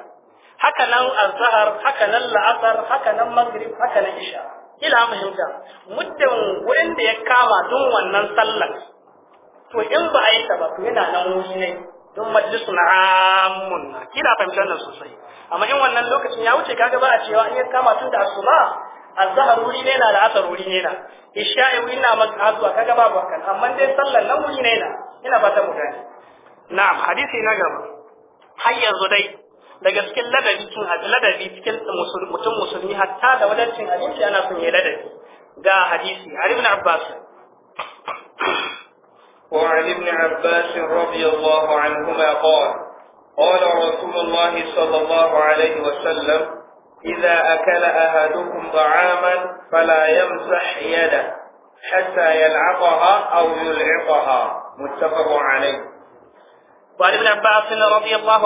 haka nan azhar haka nan la'asar haka nan maghrib haka nan isha kila fahimta muddin wurin da ya kama don wannan sallar to in ba a yi ta ba to yana nan wuri ne don majlisu na amun na kila fahimta nan sosai amma in wannan lokacin ya wuce kaga ba a cewa in ya kama tun da asuba azhar wuri ne na da asar wuri ne na isha'i wuri na maghazuwa kaga ba kan amma dai sallar nan wuri ne na ina ba ta mu na'am hadisi na gaba har yanzu dai daga cikin ladabi ladabi cikin mutum musulmi hatta da wadancin abinci ana son ya ladabi ga hadisi Ali ibn Abbas وعن ابن عباس رضي الله عنهما قال قال رسول الله صلى الله عليه وسلم إذا أكل أحدكم طعاما فلا يمسح يده حتى يلعقها أو يلعقها متفق عليه وعن ابن عباس رضي الله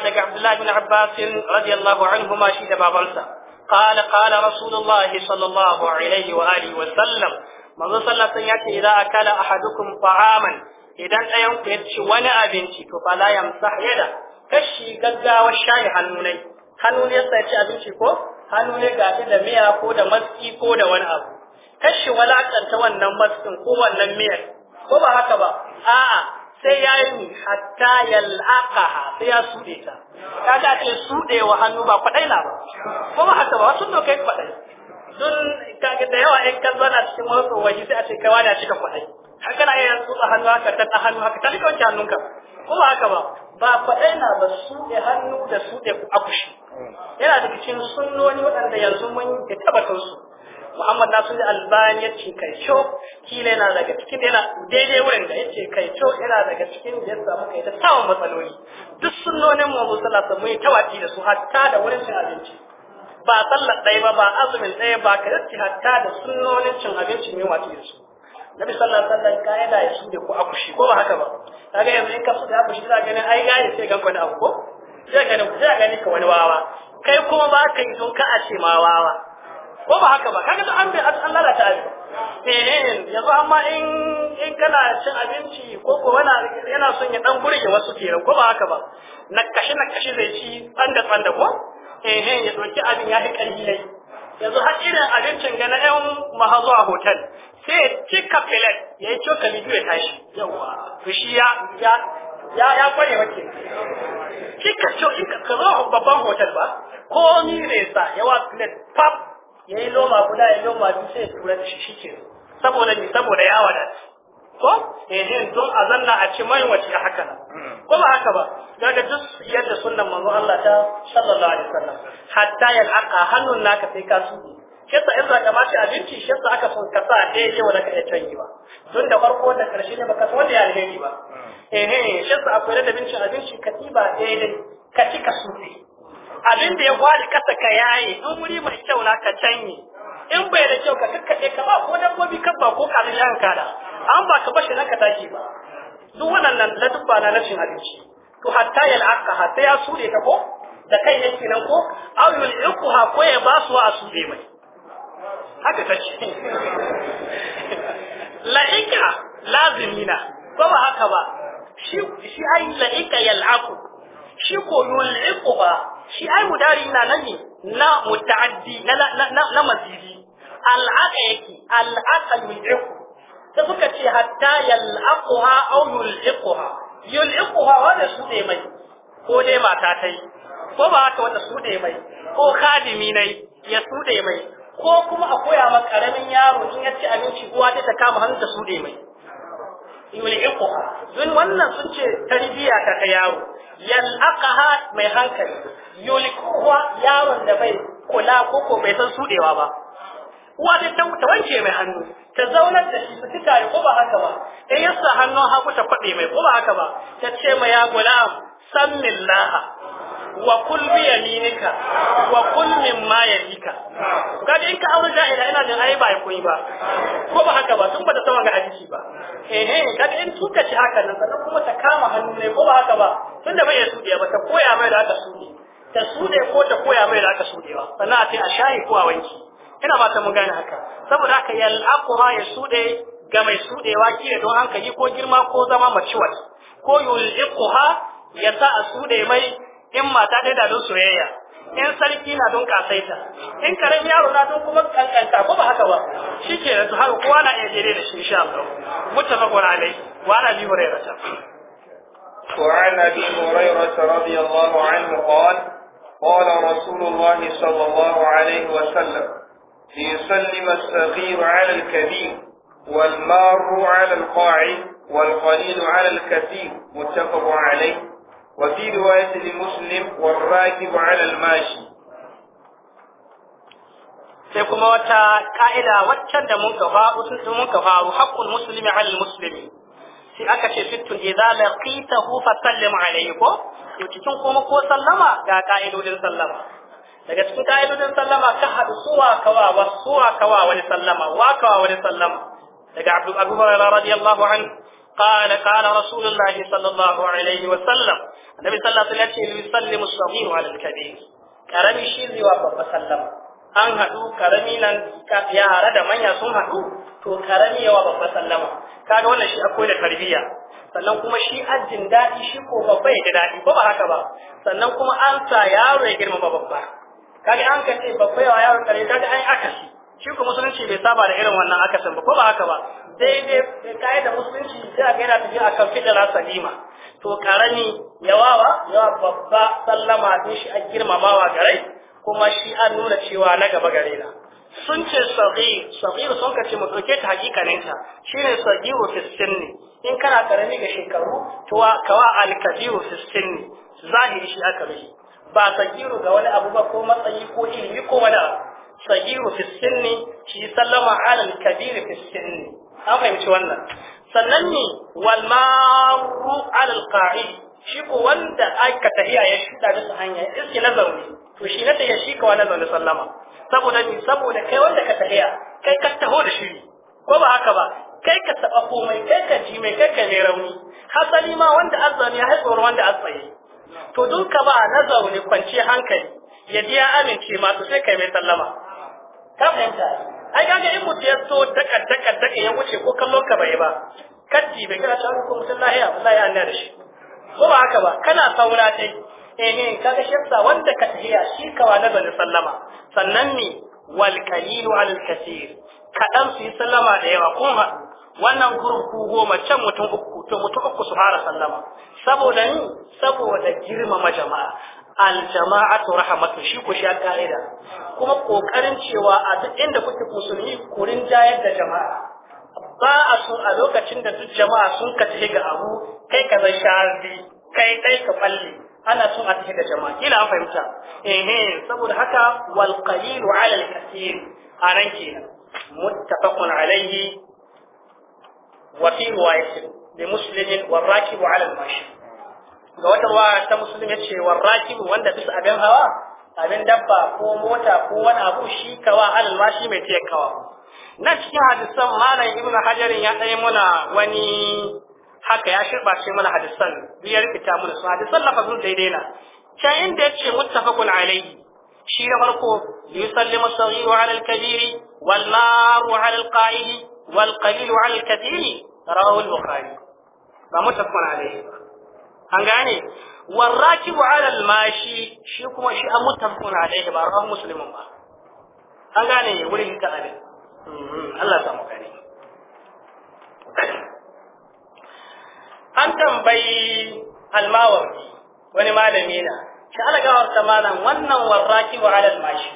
daga Abdullahi عبد Abbas بن عباس رضي الله عنهما شيد Qala: قال قال رسول الله صلى الله عليه وآله وسلم manzo sallallahu alaihi wasallam yace idza akala ahadukum ta'aman idan ɗayan ku ya wani abinci to fa la yamsah yada kashi gaggawa shayi hannu ne hannu ne sai ci abinci ko hannu ne ga da miya ko da matsi ko da wani abu kashi walakanta wannan matsin ko wannan miyar ko ba haka ba a'a sai ya yi hatta yal'aqaha sai ya suɗe ta kaga ake sude wa hannu ba kwadai na ba ko ba haka ba sun dokai kwadai don kage da yawa in kan zana cikin wasu waje sai a ce kai wani a cika kwadai haka na iya tsotsa hannu haka ta ta hannu haka ta rika wanke hannunka ko ba haka ba ba kwadai na ba suɗe hannu da suɗe akushi yana daga cikin sunnoni waɗanda yanzu mun yi taɓa su Muhammad Nasir Albani ya ce kai co kila yana daga cikin yana daidai wurin da ya ce kai co yana daga cikin da ya samu kai ta samun matsaloli duk sunnonin mu musalla sun mu yi tawaki da su hatta da wurin cin abinci ba sallar ɗaya ba ba azumin ɗaya ba ka yacce hatta da sunnonin cin abinci mai wace da su Nabi sallallahu alaihi wasallam da ya shige ko shi, ko ba haka ba ga yanzu in ka fita akushi za ganin ai gari sai ga wani abu ko sai ganin sai ganin ka wani wawa kai kuma ba ka yi don ka a ce ma wawa ko ba haka ba kaga an bai an lalata abin eh yanzu amma in in kana cin abinci ko ko wala yana son ya dan gurge wasu kenan ko ba haka ba nakashi nakashi zai ci tsanda tsanda ko eh ya doki abin ya fi karfi yayi yanzu har irin abincin ga na ɗan mahazuwa hotel sai ya cika filet ya yi cokali biyu ya tashi yawa to shi ya ya ya ya kware wace cika cokali ka zo babban hotel ba ko ni ne sa yawa filet pap ya yi loma guda ya loma biyu sai ya tura da shi shike saboda ni saboda ya wadata ko ehin tun a zanna a ci mai wace haka nan hmm. ko ba haka ba daga duk yadda sunnan manzo Allah ta sallallahu alaihi wasallam hatta yalqa hannun naka sai ka su shesa in za ka ba shi abinci aka son ka sa ɗaya ce wanda ka iya canji ba tun da farko da ƙarshe ne baka san wanda ya alheri ba hmm. eh eh shesa akwai da abincin abinci ka tiba daidai ka ci ka sufe abin da ya kwari kasa ka yaye in wuri mai kyau na ka canye in bai da kyau ka kakkaɓe ka ba ko dabbobi ka ba ko kalin yan kada an ba ka bashi na ka tashi ba duk nan waɗannan ladubba na rashin abinci to hatta ya la'aka hatta ya sude ta ko da kai yake nan ko aw ha ko ya ba su a sude mai haka ta ce la'ika lazimina ko ba haka ba shi shi ai la'ika yal'aku shi ko ba shi ai mudari na nan ne na muta'addi na na na, na masiri al'aqa yake al'aqa yul'iqu da suka ce hatta yal'aqha aw yul'iquha yul'iquha wanda su ne mai ko dai mata ta yi ko ba ta wanda su ne mai ko kadimi ne ya su ne mai ko kuma a koya ma karamin yaro in ya ci abinci uwa ta kama hannu su ne mai yulhiquha dun wannan sun ce tarbiya ta ta yaro yalqaha mai hankali yulhiquha yaron da bai kula koko bai san sudewa ba uwa ta ta wanke mai hannu ta zaunar da shi su tuka ko ba haka ba in yasa sa hannun hagu ta kwaɗe mai ko ba haka ba ta ce ma ya gulam san millaha wa kul bi yaminika wa kul mimma yalika kaga in ka aure jahila ina jin ai ba koyi ba ko ba haka ba tun ba da sama ga hadisi ba eh eh kaga in tuka shi haka nan sannan kuma ta kama hannu ne ko ba haka ba tunda bai su ba ta koya mai da aka sudi ta sude ko ta koya mai da aka sudewa sannan a ce a shayi ko a wanki ina ta mun gane haka saboda haka yal'aqu ma ya sude ga mai sudewa kire don hankali ko girma ko zama maciwat ko yul'iquha ya sa a mai in mata dai da don soyayya in sarki na don kasaita in karen yaro na don kuma kankanta ko ba haka ba shi ke da har kowa na iya jere da shi insha Allah muttafaqun alayhi wa ana bi hurairata وعن ابي هريره رضي الله wa قال قال رسول الله صلى الله عليه وسلم ليسلم الصغير على الكبير والمار wal القاعد والقليل على الكثير متفق عليه وفي رواية لمسلم والراكب على الماشي sai kuma wata ka'ida waccan da mun gaba mun ka faru haqqul aka ce fittun idza laqitahu fa sallim alayhi ko cikin kuma sallama ga sallama daga cikin ka'idodin sallama ka haɗu suwa kawa wa suwa kawa wani sallama wa kawa wani sallama daga abdul abu hurairah radiyallahu anhu قال قال رسول الله صلى الله عليه وسلم النبي صلى الله عليه وسلم يسلم الصغير على الكبير karami shi zai wa babba sallama an haɗu karami nan yara da manya sun haɗu to karami yawa babba sallama kaga wannan shi akwai da tarbiyya sannan kuma shi ajin daɗi shi ko babba ya ji daɗi ba haka ba sannan kuma an sa yaro ya girmama babba kaga an ka ce babba yawa yaro kare kaga an akasi shi ko musulunci bai saba da irin wannan akasin ba ko ba haka ba daidai kai da musulunci sai gaira yana tafiya kan fidda salima to karami yawawa yawa babba sallama din shi a girmamawa gare kuma shi an nuna cewa na gaba gare na sun ce sahir sun ka ce mu ɗauke ta hakikaninta shine sahiru fi sinni in kana karami ga shekaru to kawa alkabiru fi sinni zahiri shi aka mishi ba sahiru ga wani abu ba ko matsayi ko ilimi ko wani abu sagiru fi sinni shi sallama alal kabiru fi sinni an fahimci wannan sannan ne wal maru alal qa'i shi ko wanda aka tahiya ya shuda bisa hanya iski na zaune to shi na tahiya shi ka na zaune sallama saboda ni saboda kai wanda ka tahiya kai ka taho da shi ko ba haka ba kai ka taba komai kai ka ji mai kai ka mai rauni hasali ma wanda azzani ya haifar wanda azzaye to dun ba na zaune kwanci hankali ya ji ya amince ma to sai kai mai sallama ka fahimta ai in mutum ya so taka taka taka ya wuce ko kallon ka bai ba kaddi bai kana shawarar ko mutum lahiya wallahi Allah da shi ko ba haka ba kana saura dai eh eh kaga shafsa wanda ka tahiya shi kawa na bani sallama sannan ni wal kalilu al kathir kadan su yi sallama da yawa kuma wannan gurku goma can mutum uku to mutum uku su fara sallama saboda ni saboda girmama jama'a aljama'atu rahmatu shi ku sha ka'ida kuma kokarin cewa a duk inda kuke musulmi ku rinjayar da jama'a ba a so a lokacin da duk jama'a sun ka tafi ga abu kai ka zai sharbi kai kai ka falle ana so a tafi ga jama'a kila an fahimta eh saboda haka wal qalilu ala al kathir anan kenan muttafaqun alayhi wa fi riwayatin li muslimin wa rakibu ala al mashhur ga wata ruwa ta musulmi ya ce warrakibu wanda bisa abin hawa abin dabba ko mota ko wani abu shi kawa alalma shi mai taya kawa na cikin hadisan malam Ibn hajarin ya ɗaya muna wani haka ya shirɓace mana hadisan biyar fita mana su hadisan lafazin daidai na can inda ya ce muttafaqun alayhi shi na farko yusallimu saghiru ala al-kabiri wal maru ala al wal qalilu ala al rawahu al-bukhari ba muttafaqun alayhi an gane wa ala almashi shi kuma shi an mutafun alaihi ba ran musulmin ba an gane wurin ka abin mm-hmm. Allah samu gane an tambayi almawar wani malami na shi ala gawar malam wannan warrakibu ala almashi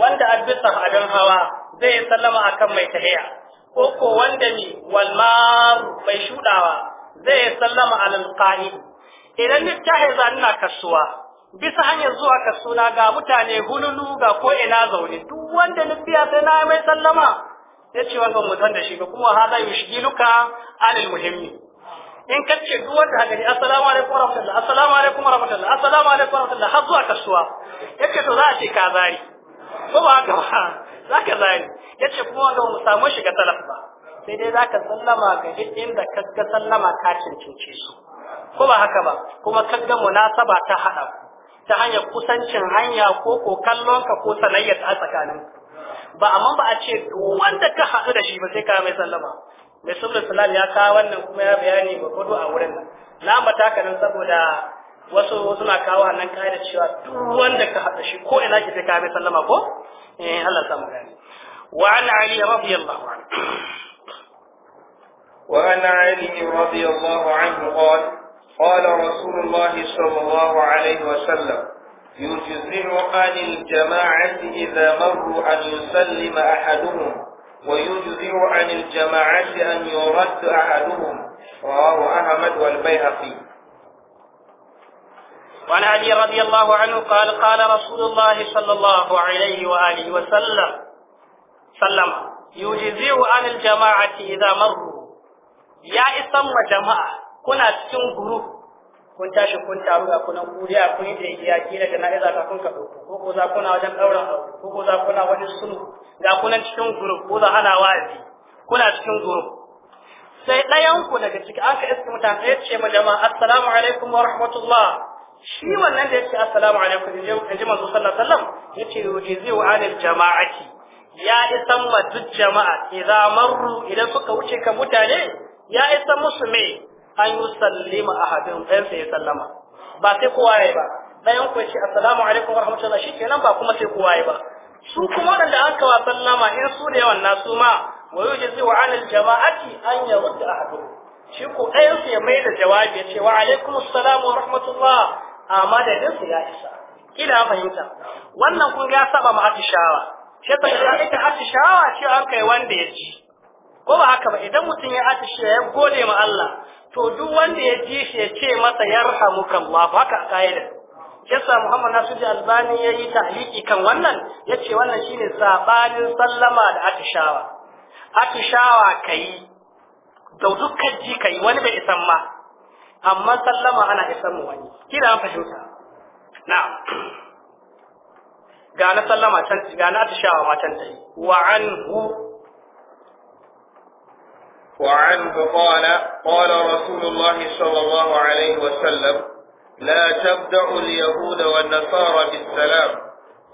wanda an bisa abin hawa zai sallama akan mai tahiya ko ko wanda ni walmar mai shudawa zai sallama idan qa'id idan littahi zanna kasuwa bisa hanyar zuwa kasuna ga mutane hululu ga ko ina zaune duk wanda na biya sai na mai sallama ya ce wanda mu san da shi ba kuma hada yushgiluka anil muhimmi in ka ce duk wanda haka ne assalamu alaikum warahmatullahi assalamu alaikum warahmatullahi assalamu alaikum warahmatullahi har zuwa kasuwa Ya ce to za a ce ka zari ko ba haka ba za ka zari ce kuma wanda mu samu shiga talaf ba sai dai ka sallama ga duk inda ga sallama ka cancanci su ko ba haka ba kuma kaga munasaba ta haɗa ta hanyar kusancin hanya ko ko kallon ka ko sanayyar a tsakanin ba amma ba a ce wanda ka haɗu da shi ba sai ka mai sallama mai sulhu salam ya kawo wannan kuma ya bayani ba kudu a wurin nan na mataka ka nan saboda wasu suna kawo nan ka'ida cewa duk wanda ka haɗa shi ko ina ki sai ka mai sallama ko eh Allah samu gani wa an ali radiyallahu وعن علي رضي الله عنه قال قال رسول الله صلى الله عليه وسلم يجزع عن الجماعة إذا مروا أن يسلم أحدهم ويجزع عن الجماعة أن يرد أحدهم رواه أحمد والبيهقي وعن علي رضي الله عنه قال قال رسول الله صلى الله عليه وآله وسلم سلم يجزع عن الجماعة إذا مروا ya isan ma jama'a kuna cikin group kun tashi kun taru ga kunan kuriya kun yi tsayiya kila da na'iza ta kun kaɗo ko ko za kuna wajen ɗaurin aure ko ko za kuna wani sulu ga kunan cikin group ko za ana wa'azi kuna cikin group sai ɗayan ku daga ciki an ka iska mutan sai ce ma jama'a assalamu alaikum wa rahmatullah shi wannan da yake assalamu alaikum in ji manzo sallallahu alaihi wasallam ya ce yujizu anil jama'ati ya isan ma duk jama'a idan marru idan suka wuce ka mutane ya isa musu me an yi sallima a hadin ɗayansa ya sallama ba sai kowa ya ba ɗayan ku ce assalamu alaikum warahmatullah shi kenan ba kuma sai kowa ya ba su kuma wanda an kawa sallama in su da yawan nasu ma wa yujizu wa anil jama'ati an yarudda ahaduhum shi ko ɗayansu ya mai da jawabi ya ce wa alaikum assalamu wa rahmatullah a su ya isa kila fahimta wannan kun ga saba ma atishawa shi ta ga ita atishawa ce an kai wanda ya ci ko ba haka ba idan mutum ya shi ya gode ma Allah to duk wanda ya ji shi ya ce masa yarhamuka Allah haka a kaida yasa Muhammad Nasiru Albani ya yi tahliki kan wannan ya ce wannan shine sabanin sallama da atishawa atishawa kai da dukkan ji kai wani bai san ma amma sallama ana isan mu wani kira an fahimta na'am ga na sallama can ga na atishawa ma can tai wa anhu وعنه قال قال رسول الله صلى الله عليه وسلم لا تبدعوا اليهود والنصارى بالسلام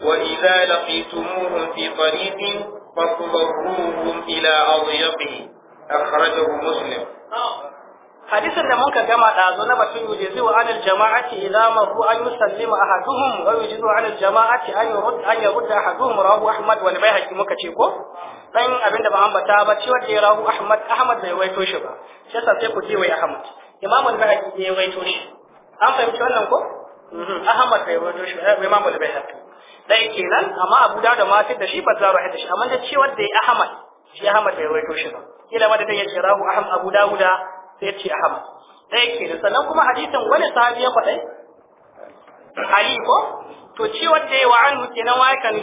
وإذا لقيتموهم في طريق فاصبروهم إلى أضيقه أخرجه مسلم حديث أن كما أعزونا ما يجزي عن الجماعة إذا مروا أن يسلم أحدهم ويجزي عن الجماعة أن يرد أن يرد أحدهم رواه أحمد والبيهج مكتشيكو dan abin da ba ambata ba ci wanda ya rawu Ahmad Ahmad bai waito shi ba sai sa sai ku je wai Ahmad Imam al-Bahaqi ya waito shi an fahimci wannan ko mhm. Ahmad bai waito shi ba Imam al-Bahaqi dai kenan amma Abu Dawud ma sai da shi ba za ruwa da shi amma da ce wanda ya Ahmad shi Ahmad bai waito shi ba kila ma da dan ya ce rawu Ahmad Abu Dawud sai ce Ahmad dai kenan sannan kuma hadisin wani sahabi ya faɗa Ali ko to ciwon da yawa an kenan wa kan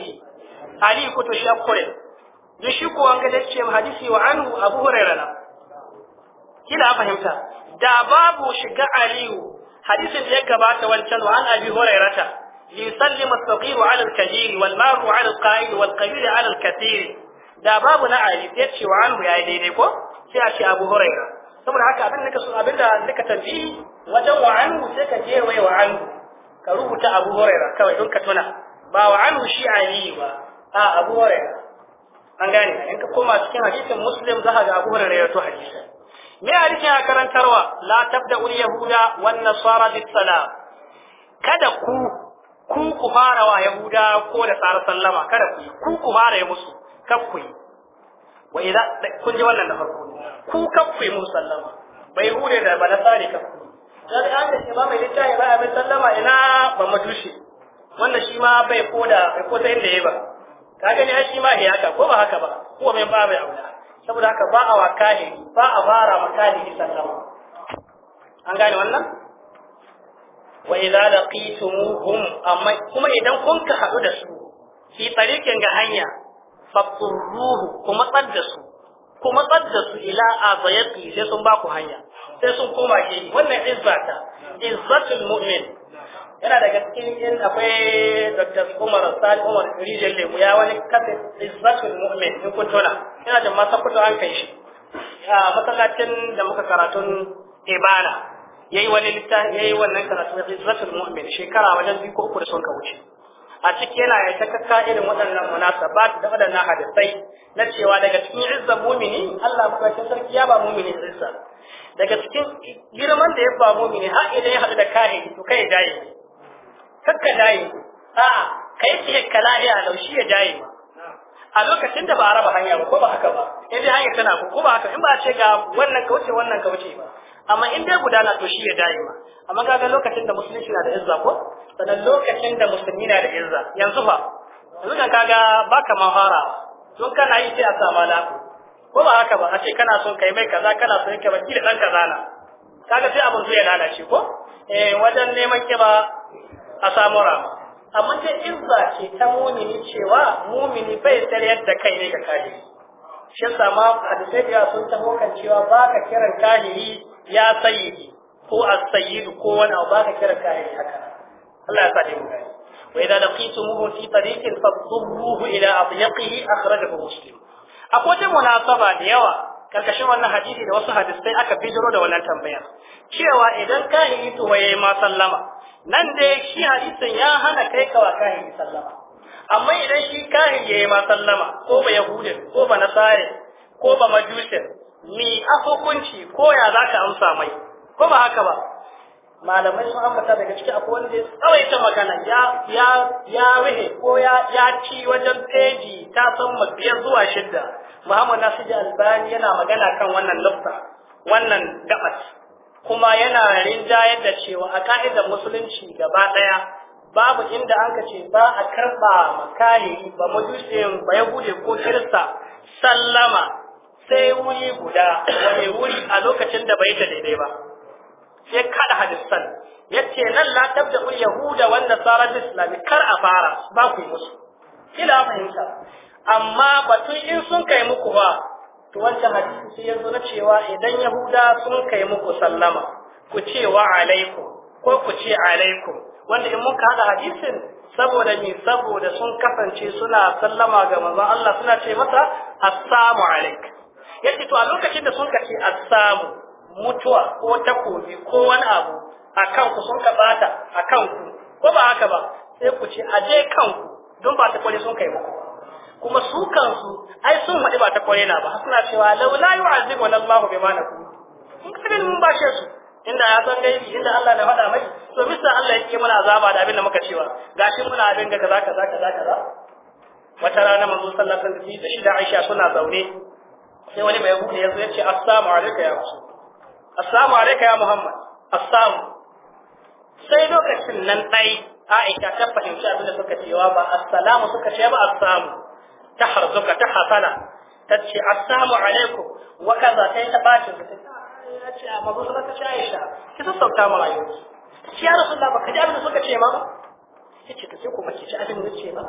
Ali ko to shi akure duk shi ko an ga dace hadisi wa anhu abu hurairah kina fahimta da babu shiga aliyu hadisin da ya gabata wancan wa an abi hurairata liyusallim as-saghir 'ala al-kabir wal maru 'ala al-qa'id wal kabir 'ala al-kathir da babu na ali ya ce wa anhu yayi daidai ko sai a ce abu huraira saboda haka abin nika so abin da nika tambayi wajen wa anhu sai ka je wai wa anhu ka rubuta abu huraira kawai don ka tuna ba wa anhu shi ali ba a abu huraira an gane in ka koma cikin hadisin muslim za ka ga abu hurairah ya to hadisin me hadisin ya karantarwa la ul yahuda wan nasara bis salam kada ku ku ku fara wa yahuda ko da tsara sallama kada ku ku ku fara ya musu kaf ku yi wa idza kun ji wannan da farko ku kaf ku yi musu sallama bai hure da ba nasari kaf ku dan an ce ba mai littafi ba mai sallama ina ba mutushi wannan shi ma bai koda bai koda inda yayi ba ka ne ai shi ma ya haka ko ba haka ba ko mai ba mai aula saboda haka ba a wa kahiri ba a fara wa kahiri sallama an gane wannan wa idza laqitumuhum amma kuma idan kun ka hadu da su fi tariqin ga hanya faqurruhu kuma tsadda su kuma tsadda su ila azayati sai sun ba ku hanya sai sun koma ke wannan izzata izzatul mu'min yana daga cikin yin akwai Dr. Umar Sani Umar Rijal Lemu ya wani kasa Izzatul Mu'min in kuntuna. yana da masa kudu an kai shi a masallacin da muka karatun Ibana yi wani littafi yi wannan karatun Izzatul Mu'min shekara wajen biyu ko uku da sun ka wuce a ciki yana ya ta kakka irin waɗannan munasabat da waɗannan hadisai na cewa daga cikin izzar mumini Allah madaukakin sarki ya ba mumini izza daga cikin girman da ya ba mumini har idan ya haɗu da kahiri to kai jayi kakka daye a'a kai ce ka lahiya a laushi ya daye ma a lokacin da ba a raba hanya ba ko ba haka ba in dai hanyar tana ko ba haka in ba a ce ga wannan ka wuce wannan ka wuce ba amma in dai gudana to shi ya daye ma amma kaga lokacin da musulunci na da izza ko sannan lokacin da musulmi na da izza yanzu fa yanzu kan kaga baka mahara fara don kana yi sai a sama ko ba haka ba a ce kana son kai mai kaza kana son kai baki da dan kaza na kaga sai abun zai lalace ko eh wajen neman kiba a samu rama amma ta izza ce ta mumini cewa mumini bai tsariyar da kai ne ga kahiri shi sama hadisai biya sun taho kan cewa ba ka kiran kahiri ya sayyidi ko a sayyidu ko wani abu ba ka kiran kahiri haka Allah ya sa dai mu gani wa idza laqitumuhu fi tariqin fadhuruhu ila adyaqihi akhrajahu muslim akwai ta munasaba da yawa karkashin wannan hadisi da wasu hadisai aka bijiro da wannan tambayar cewa idan ka yi waye ma sallama nan dai shi hadisin ya hana kai kawa kahin sallama amma idan shi kahin ya yi ma sallama ko ba yahudin ko ba nasare ko ba majusin mi a hukunci ko ya za ka amsa mai ko ba haka ba malamai sun ambata daga ciki akwai wanda ya tsawaita magana ya ya ya ko ya ci wajen peji ta san biyar zuwa shidda muhammad nasiru albani yana magana kan wannan lafta wannan gabas kuma yana rinjayar da cewa a ka'idar musulunci gaba ɗaya babu inda aka ce ba a karɓa makari ba majusin ba ya gude ko kirsa sallama sai wuri guda wani wuri a lokacin da bai ta daidai ba sai kada hadisan yace nan la tabda ul yahuda wan nasara islami kar a fara ba ku musu kila fahimta amma batun in sun kai muku ba to wancan hadisi sai yanzu na cewa idan yahuda sun kai muku sallama ku ce wa alaikum ko ku ce alaikum wanda in muka hada hadisin saboda ni saboda sun kasance suna sallama ga maza Allah suna ce masa assalamu alaik yace to a lokacin da sun kace assalamu mutuwa ko takobi ko wani abu akan ku sun kabata akan ku ko ba haka ba sai ku ce aje kanku don ba ta sun kai muku kuma su kansu ai sun haɗu ba ta kwarena ba suna cewa laula yu'azibu Allahu bima naqulu in kadin mun bashe su inda ya san gaibi inda Allah na faɗa mai to bisa Allah yake muna azaba da abin da muka cewa gashi muna abin ga kaza kaza kaza kaza wata rana manzo sallallahu alaihi wasallam da shi da Aisha suna zaune sai wani mai hukunci ya zo ya ce assalamu alayka ya rasul assalamu alayka ya muhammad assalamu sai lokacin nan dai Aisha ta fahimci abin da suka cewa ba assalamu suka ce ba assalamu ta harzuka ta hasana ta ce assalamu alaikum wa kaza ta yi ta bacin ta ce a babu ta ce aisha ki sassauta mu rayuwarki ci ya rasulullah baka ji abin da suka ce ma ba ta ce ta ce kuma ki ci abin da ce ba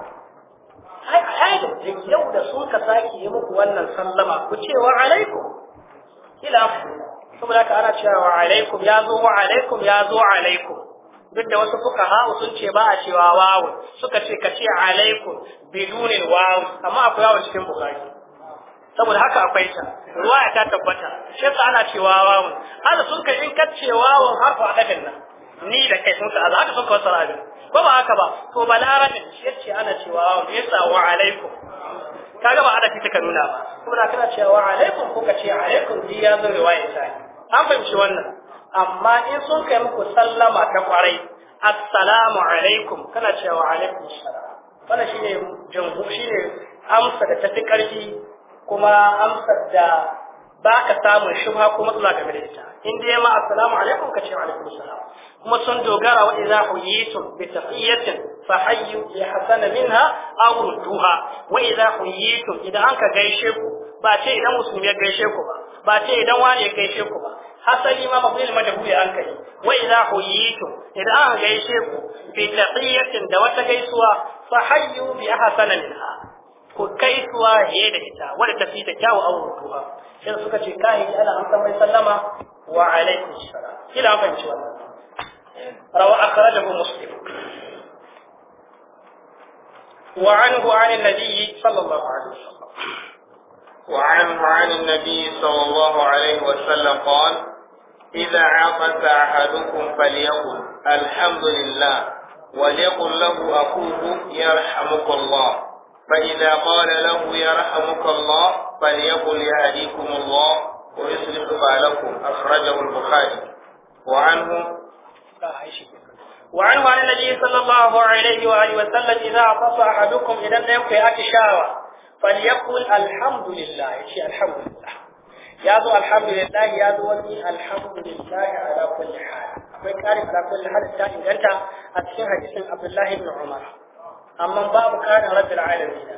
ai ai da yau da sun ka saki yi muku wannan sallama ku ce wa alaikum ila saboda haka ana cewa wa alaikum ya zo wa alaikum ya zo alaikum duk wasu fuka ha'u sun ce ba a cewa wawu suka ce ka ce alaikum bidunin wawu amma akwai wawu cikin bukari saboda haka akwai ta ruwa ya ta tabbata shi yasa ana cewa wawu haka sun ka in kace wawun harfa adadin nan ni da kai sun ka haka sun ka wasu abin ko ba haka ba to balarabin shi ya ce ana cewa wawu yasa wa alaikum kaga ba adafi ka nuna ba saboda kana cewa wa alaikum ko ka ce alaikum ya zo riwaya ta an fahimci wannan amma in sun kai muku sallama ta kwarai assalamu alaikum kana cewa alaikum salam wannan shine jamhu shine amsa da tafi karfi kuma amsa da ba ka samun shubha ko matsala game da ita in dai ma assalamu alaikum ka ce wa alaikum salam kuma sun dogara wa idza huyitum bi tahiyatin fa hayyu bi hasana minha aw rudduha wa idza huyitum idan an ka gaishe ku ba ce idan musulmi ya gaishe ku ba ba ce idan wani ya gaishe ku ba hasali ma mafil majhuli an kai wa idza huyitu idan aka gaishe ku bi tahiyatin da wata gaisuwa fa hayyu bi ahsana minha ku gaisuwa he da ita wanda ta fi ta kyawu a rutuwa sai suka ce kai ana amsa mai sallama wa alaikum salam kila an fahimci wannan rawa akhrajahu muslim وعنه عن النبي صلى الله عليه وسلم وعنه عن النبي صلى الله عليه وسلم قال إذا عطس أحدكم فليقل الحمد لله وليقل له أخوه يرحمك الله فإذا قال له يرحمك الله فليقل يهديكم الله ويصلح بالكم أخرجه البخاري وعنه وعنه عن النبي صلى الله عليه وآله وسلم إذا عطس أحدكم إذا لم يكن أتشاوى فليقل الحمد لله الحمد لله ya zo alhamdulillah ya zo wani alhamdulillah ala kulli hal akwai karin ala kulli hal ta inganta a cikin hadisin Abdullahi ibn Umar amma babu karin rabbil alamin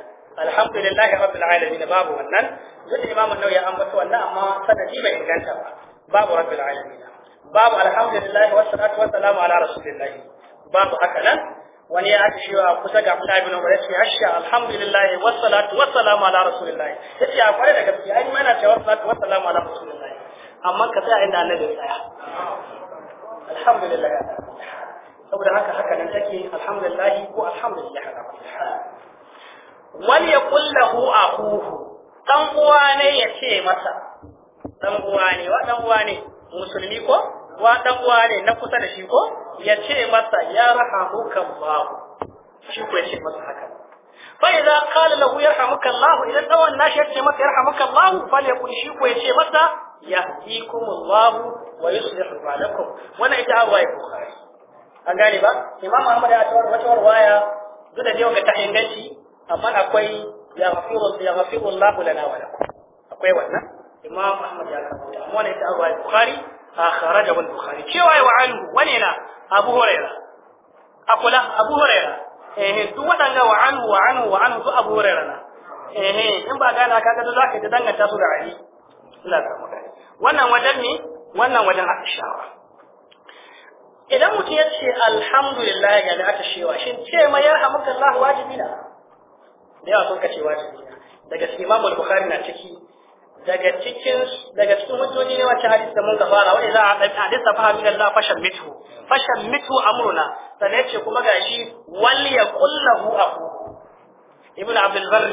alhamdulillah rabbil alamin babu wannan duk imamu nau ya ambata wannan amma sanadi bai inganta ba babu rabbil alamin babu alhamdulillah wassalatu wassalamu ala rasulillah babu haka nan wani ya aka cewa kusa ga Abdullah ibn Umar yace hashya alhamdulillah wassalatu wassalamu ala rasulillah yace a kware da gaskiya ai mana cewa wassalatu wassalamu ala rasulillah amma ka tsaya inda Annabi ya tsaya alhamdulillah saboda haka haka nan take alhamdulillah ko alhamdulillah wal yaqul lahu akuhu dan uwa ne yace masa dan uwa ne wa dan uwa ne musulmi ko wa dan uwa ne na kusa da shi ko ya ce masa ya rahamuka Allah shi ko ya ce masa haka fa idza ya lahu yarhamuka Allah idan dawan nashi ya ce masa yarhamuka Allah fa ya kun shi ko ya ce masa yahdikum Allah wa yuslih balakum wannan ita arwaya bukhari an gane ba imam Ahmad ya tawar wata waya duk da yau ga ta inganci amma akwai ya ghafiru ya ghafiru Allah da na lakum akwai wannan imam Ahmad ya kawo amma wannan ita arwaya bukhari akhrajahu al-bukhari cewa wa anhu na abu hurairah akula abu hurairah eh duk wadanga wa anhu wa anhu wa duk abu hurairah na eh in ba gana ka ga zaka danganta su da ali wannan wajen idan mutum ya ce alhamdulillah ya da atishawa shin ce ma ya hamuka Allah wajibi na da yawa sun kace wajibi na daga Imam al-Bukhari na ciki daga cikin daga cikin hujjoji ne wacce hadisi da mun ga fara wani za a hadisi da fahimi da Allah fashan mitu fashan mitu amruna sanai ce kuma gashi wal yakullahu abu ibn abdul barr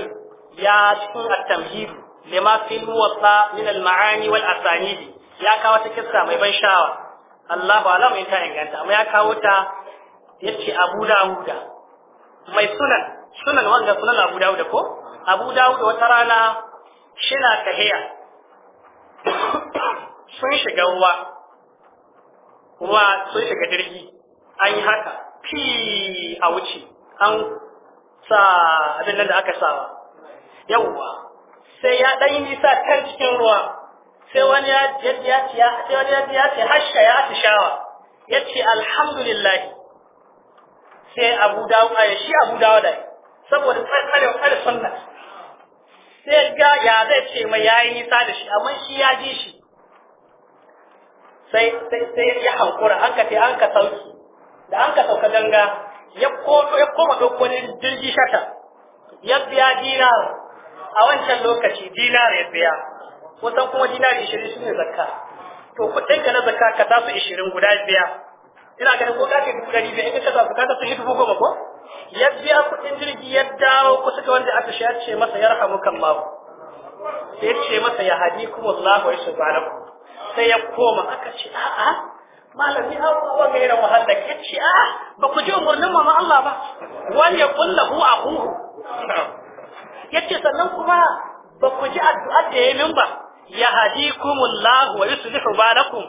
ya cikin at-tamhid lima fil muwatta min al-ma'ani wal asanid ya kawo ta kissa mai ban sha'awa Allahu alam in ta inganta amma ya kawo ta yace Abu Dawud mai sunan sunan wanda sunan Abu Dawud ko Abu Dawud wata rana shina tahiya sun shiga ruwa ruwa sun shiga jirgi an yi haka fi a wuce an sa abin nan da aka sawa yawwa sai ya ɗan yi sa kan cikin ruwa sai wani ya ya ce sai wani ya ya ce hasha ya shawa. ya ce alhamdulillah sai abu dawo shi abu dawo da saboda tsarin tsarin sunna sai ga ya zai ce mai yayin nisa da shi amma shi ya ji shi sai sai ya hankura an ka ce an ka sauki da an ka sauka ganga ya komo ya koma dokonin jirgi shata ya biya dinar a wancan lokaci dinar ya biya kusan kuma dinar 20 shine zakka to kudin ka na zakka ka tasu 20 guda biya ina ganin ko ka kai dubu ɗari biyar in ka sa kaga sun yi dubu goma ko ya biya kuɗin jirgi ya dawo ku ga wanda aka ya ce masa ya rahamu kan mawu sai ce masa ya haɗi kuma Allah wa yashu sai ya koma aka ce a'a malami abubuwa ga irin wahala ya ce a'a ba ku ji umarnin mama Allah ba wani ya kulla hu a hu ya ce sannan kuma ba ku ji addu'a da ya yi min ba ya haɗi kuma Allah wa yashu balakum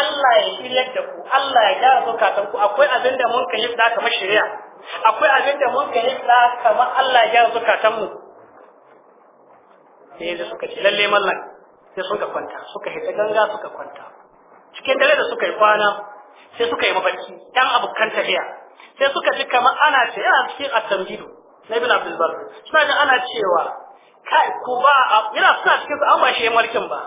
Allah ya shiryar da ku Allah ya gyara kafin ku akwai abin da mun kai da kamar shari'a akwai abin da mun kai da kamar Allah ya gyara kafin mu sai da suka ce lalle mallan sai suka kwanta suka hita ganga suka kwanta cikin dare da suka yi kwana sai suka yi mafarki dan abokan tafiya sai suka ji kamar ana ce yana cikin atambido, tamjidu na ibn abdul bar suna da ana cewa kai ku ba yana suna cikin an ba shi mulkin ba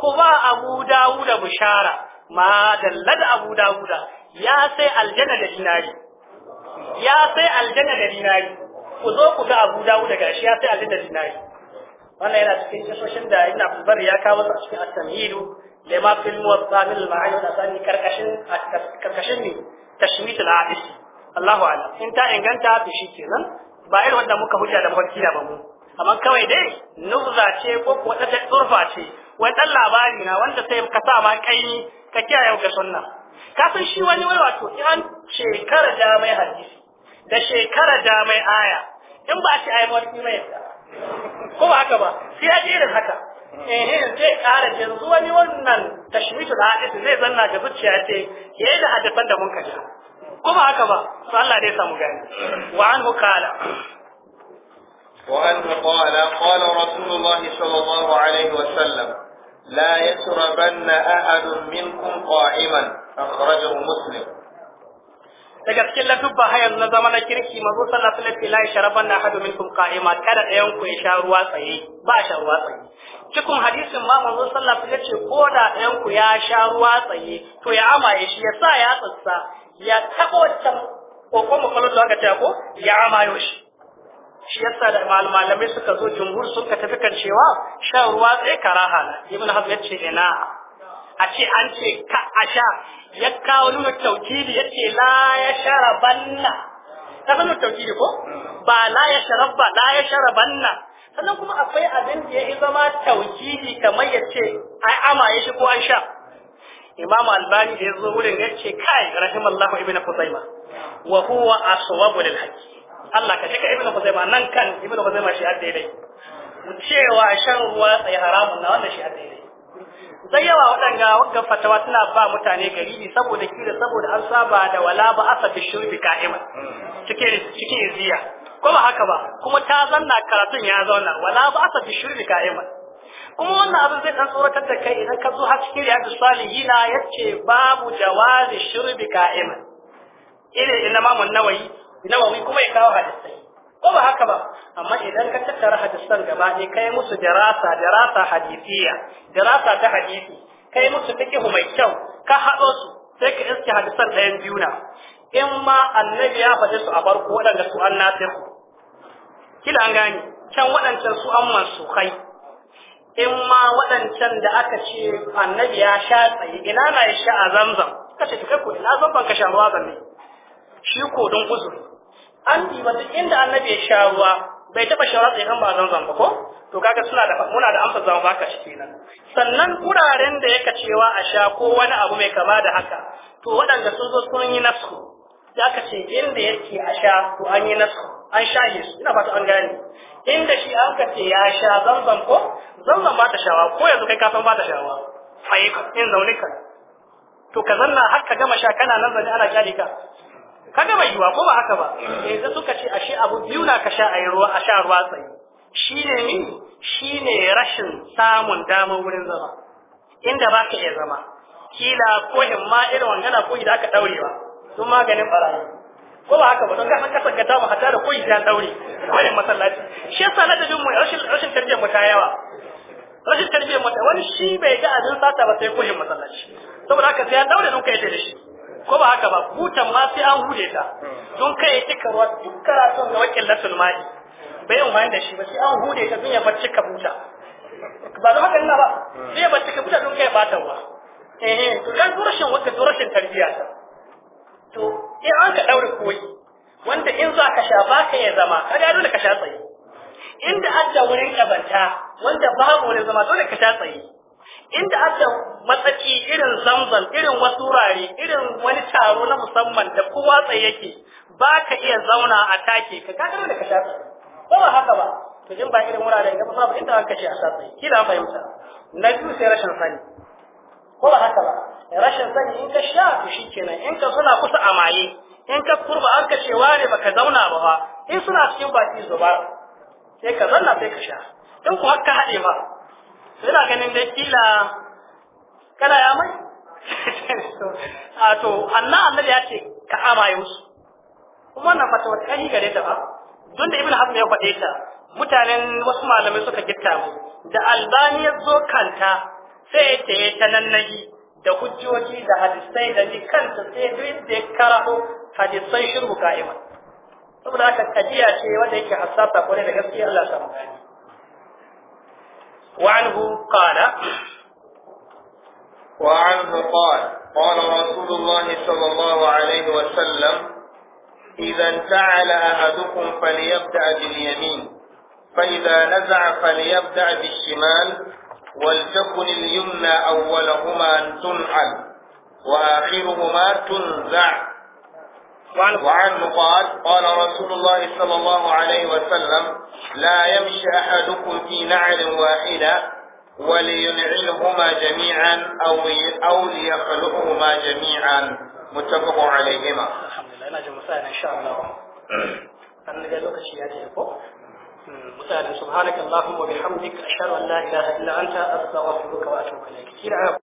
ku ba abu da bushara ma dalla da abu dawuda ya sai aljanna da dinari ya sai aljanna da dinari ku zo ku ga abu dawuda gashi ya sai aljanna da dinari wannan yana cikin kisoshin da ina abdulbar ya kawo su a cikin at-tamhidu lima fil muwatta min al-ma'ani wa asani karkashin karkashin ne tashmit al-hadis Allahu a'lam in ta inganta to kenan ba irin wanda muka hujja da muka kira ba mu amma kawai dai nubza ce ko kuwa wata tsurfa ce wai ɗan labari na wanda sai ka sa ma kai ka kiyaye ga sunna ka san shi wani wai wato in an shekara da mai hadisi da shekara da mai aya in ba shi ayi wani mai ko ba haka ba sai ya ji irin haka eh zai kara yanzu wani wannan tashmitu da hadisi zai zanna da zuciya ce yayi da hadisan da mun kaja kuma haka ba to Allah dai samu gani wa anhu qala وأنه قال قال رسول الله صلى الله عليه وسلم لا يشربن أحد منكم قائما أخرجه مسلم daga cikin latubba hayan na zama na kirki mazo sallallahu alaihi la yashraban na hadu minkum qa'ima kada ɗayan ku ya sha ruwa tsaye ba sha ruwa tsaye cikin hadisin ma mazo sallallahu alaihi wasallam ko da ɗayan ku ya sha ruwa tsaye to ya amaye shi ya sa ya tsatsa ya tabo ta ko kuma kallon da aka ta ko ya amayo shi shi yasa da malamai suka zo jumhur ka tafi kan cewa shan ruwa tsaye karaha na ibn hazm yace ina a ce an ce ka a sha ya kawo nuna taukili yace la ya sharabanna ta nuna taukili ko ba la ya sharabba la ya sharabanna sannan kuma akwai abin da ya zama taukili kamar yace ai amaye shi ko an sha imam albani da ya zo wurin yace kai rahimallahu ibn qudaymah wa huwa aswabu lil haqqi Allah ka shika ibnu Khuzaimah nan kan ibnu Khuzaimah shi hadde dai mu cewa shan ruwa sai haramun na wannan shi hadde dai sai yawa waɗanga wagga fatawa tana ba mutane gari saboda kila saboda an saba da wala ba bi shurbi ka'ima cikin cike ziya ko ba haka ba kuma ta zanna karatun ya zauna wala ba bi shurbi ka'ima kuma wannan abin zai dan tsoratar da kai idan ka zo har cikin riyadu salihina yace babu jawazi shurbi ka'ima ire ina mamun nawayi nawawi kuma ya kawo hadisai ko ba haka ba amma idan ka tattara hadisan gaba ɗaya kai musu dirasa dirasa hadisiya dirasa ta hadisi kai musu fiqh mai kyau ka haɗo su sai ka iske hadisan ɗayan biyu na in ma annabi ya faɗi su a farko waɗanda su an nasir kila an gane can waɗancan su an Kai. in ma waɗancan da aka ce annabi ya sha tsaye ina na ya sha a zamzam kace kai ko ina zamban ka sha ruwa zanne shi ko don uzuri an diba duk inda annabi ya sha ruwa bai taba shawara da kan ba zanzan ba ko to kaga suna da muna da amsa zan baka shi kenan sannan kuraren da yake cewa a sha ko wani abu mai kama da haka to waɗanda sun zo sun yi nasu da aka ce inda yake a sha to an yi nasu an sha yesu ina fata an gane inda shi an kace ce ya sha zanzan ko zanzan ba ta shawa ko yanzu kai ka san ba ta shawa yi in ka to ka zanna har ka gama sha kana nan zane ana kyalika kaga bai yiwa ko ba haka ba da eh, suka ce ashe abu biyu na ka sha a ruwa a sha ruwa tsaye shine ni shine rashin samun damar wurin zama inda ba ka iya zama kila ko himma irin wangana ko idan aka daure ba sun maganin barayi ko ba haka ba don kasan kasar ka tamu hata da ko idan daure in masallaci shi yasa na dabin mu rashin rashin tarbiyyar mu ta yawa rashin tarbiyyar mu wani shi bai ga abin sata ba sai ko himma masallaci saboda haka sai ya daure don kai da shi ko ba haka ba hutan ma sai an hude ta don kai ya cika ruwa duk karatun da wakil na mali bai yin wani da shi ba sai an hude ta don ya bar cika buta ba da hakan na ba sai ya bar cika buta don kai ya bata ruwa eh to kan durashin wakil durashin tarbiya ta to in an ka daure koyi wanda in za ka sha ba ka ya zama ka ga dole ka sha tsaye inda adda wurin kabanta wanda babu wani zama dole ka sha tsaye inda aka matsaki irin zamzam irin wasu wurare irin wani taro na musamman da kowa tsaye yake ba ka iya zauna a take ka ka da ka sha ko ba haka ba to in ba irin wuraren da ba inda aka kashe a sha tsaye kila fahimta na biyu sai rashin sani ko ba haka ba rashin sani in ka sha to shikenan in ka suna kusa a maye in ka kurba an ka ce ware baka zauna ba fa in suna cikin baki zubar sai ka zanna sai ka sha in ku haka haɗe ba ina ganin dai kila kana ya mai a to annan ya ce ka amaye musu kuma na fata wata kai gare ta ba don da ibnu hazm ya faɗe ta mutanen wasu malamai suka gitta da albani ya zo kanta sai ya ce ta nannahi da hujjoji da hadisai da ni kanta sai duk da ya karaho hadisai shirhu ka'iman saboda haka kajiya ce wanda yake hassasa kwarai da gaskiya Allah ta وعنه قال وعنه قال قال رسول الله صلى الله عليه وسلم إذا انتعل أحدكم فليبدأ باليمين فإذا نزع فليبدأ بالشمال ولتكن اليمنى أولهما تنعل وآخرهما تنزع وعنه قال قال رسول الله صلى الله عليه وسلم لا يمشي أحدكم في نعل واحدة ولينعلهما جميعا أو أو ليخلقهما جميعا متفق عليهما. الحمد لله إن شاء الله. أنا لقيت شيء مسائل سبحانك اللهم وبحمدك أشهد أن لا إله إلا أنت أستغفرك وأتوب إليك.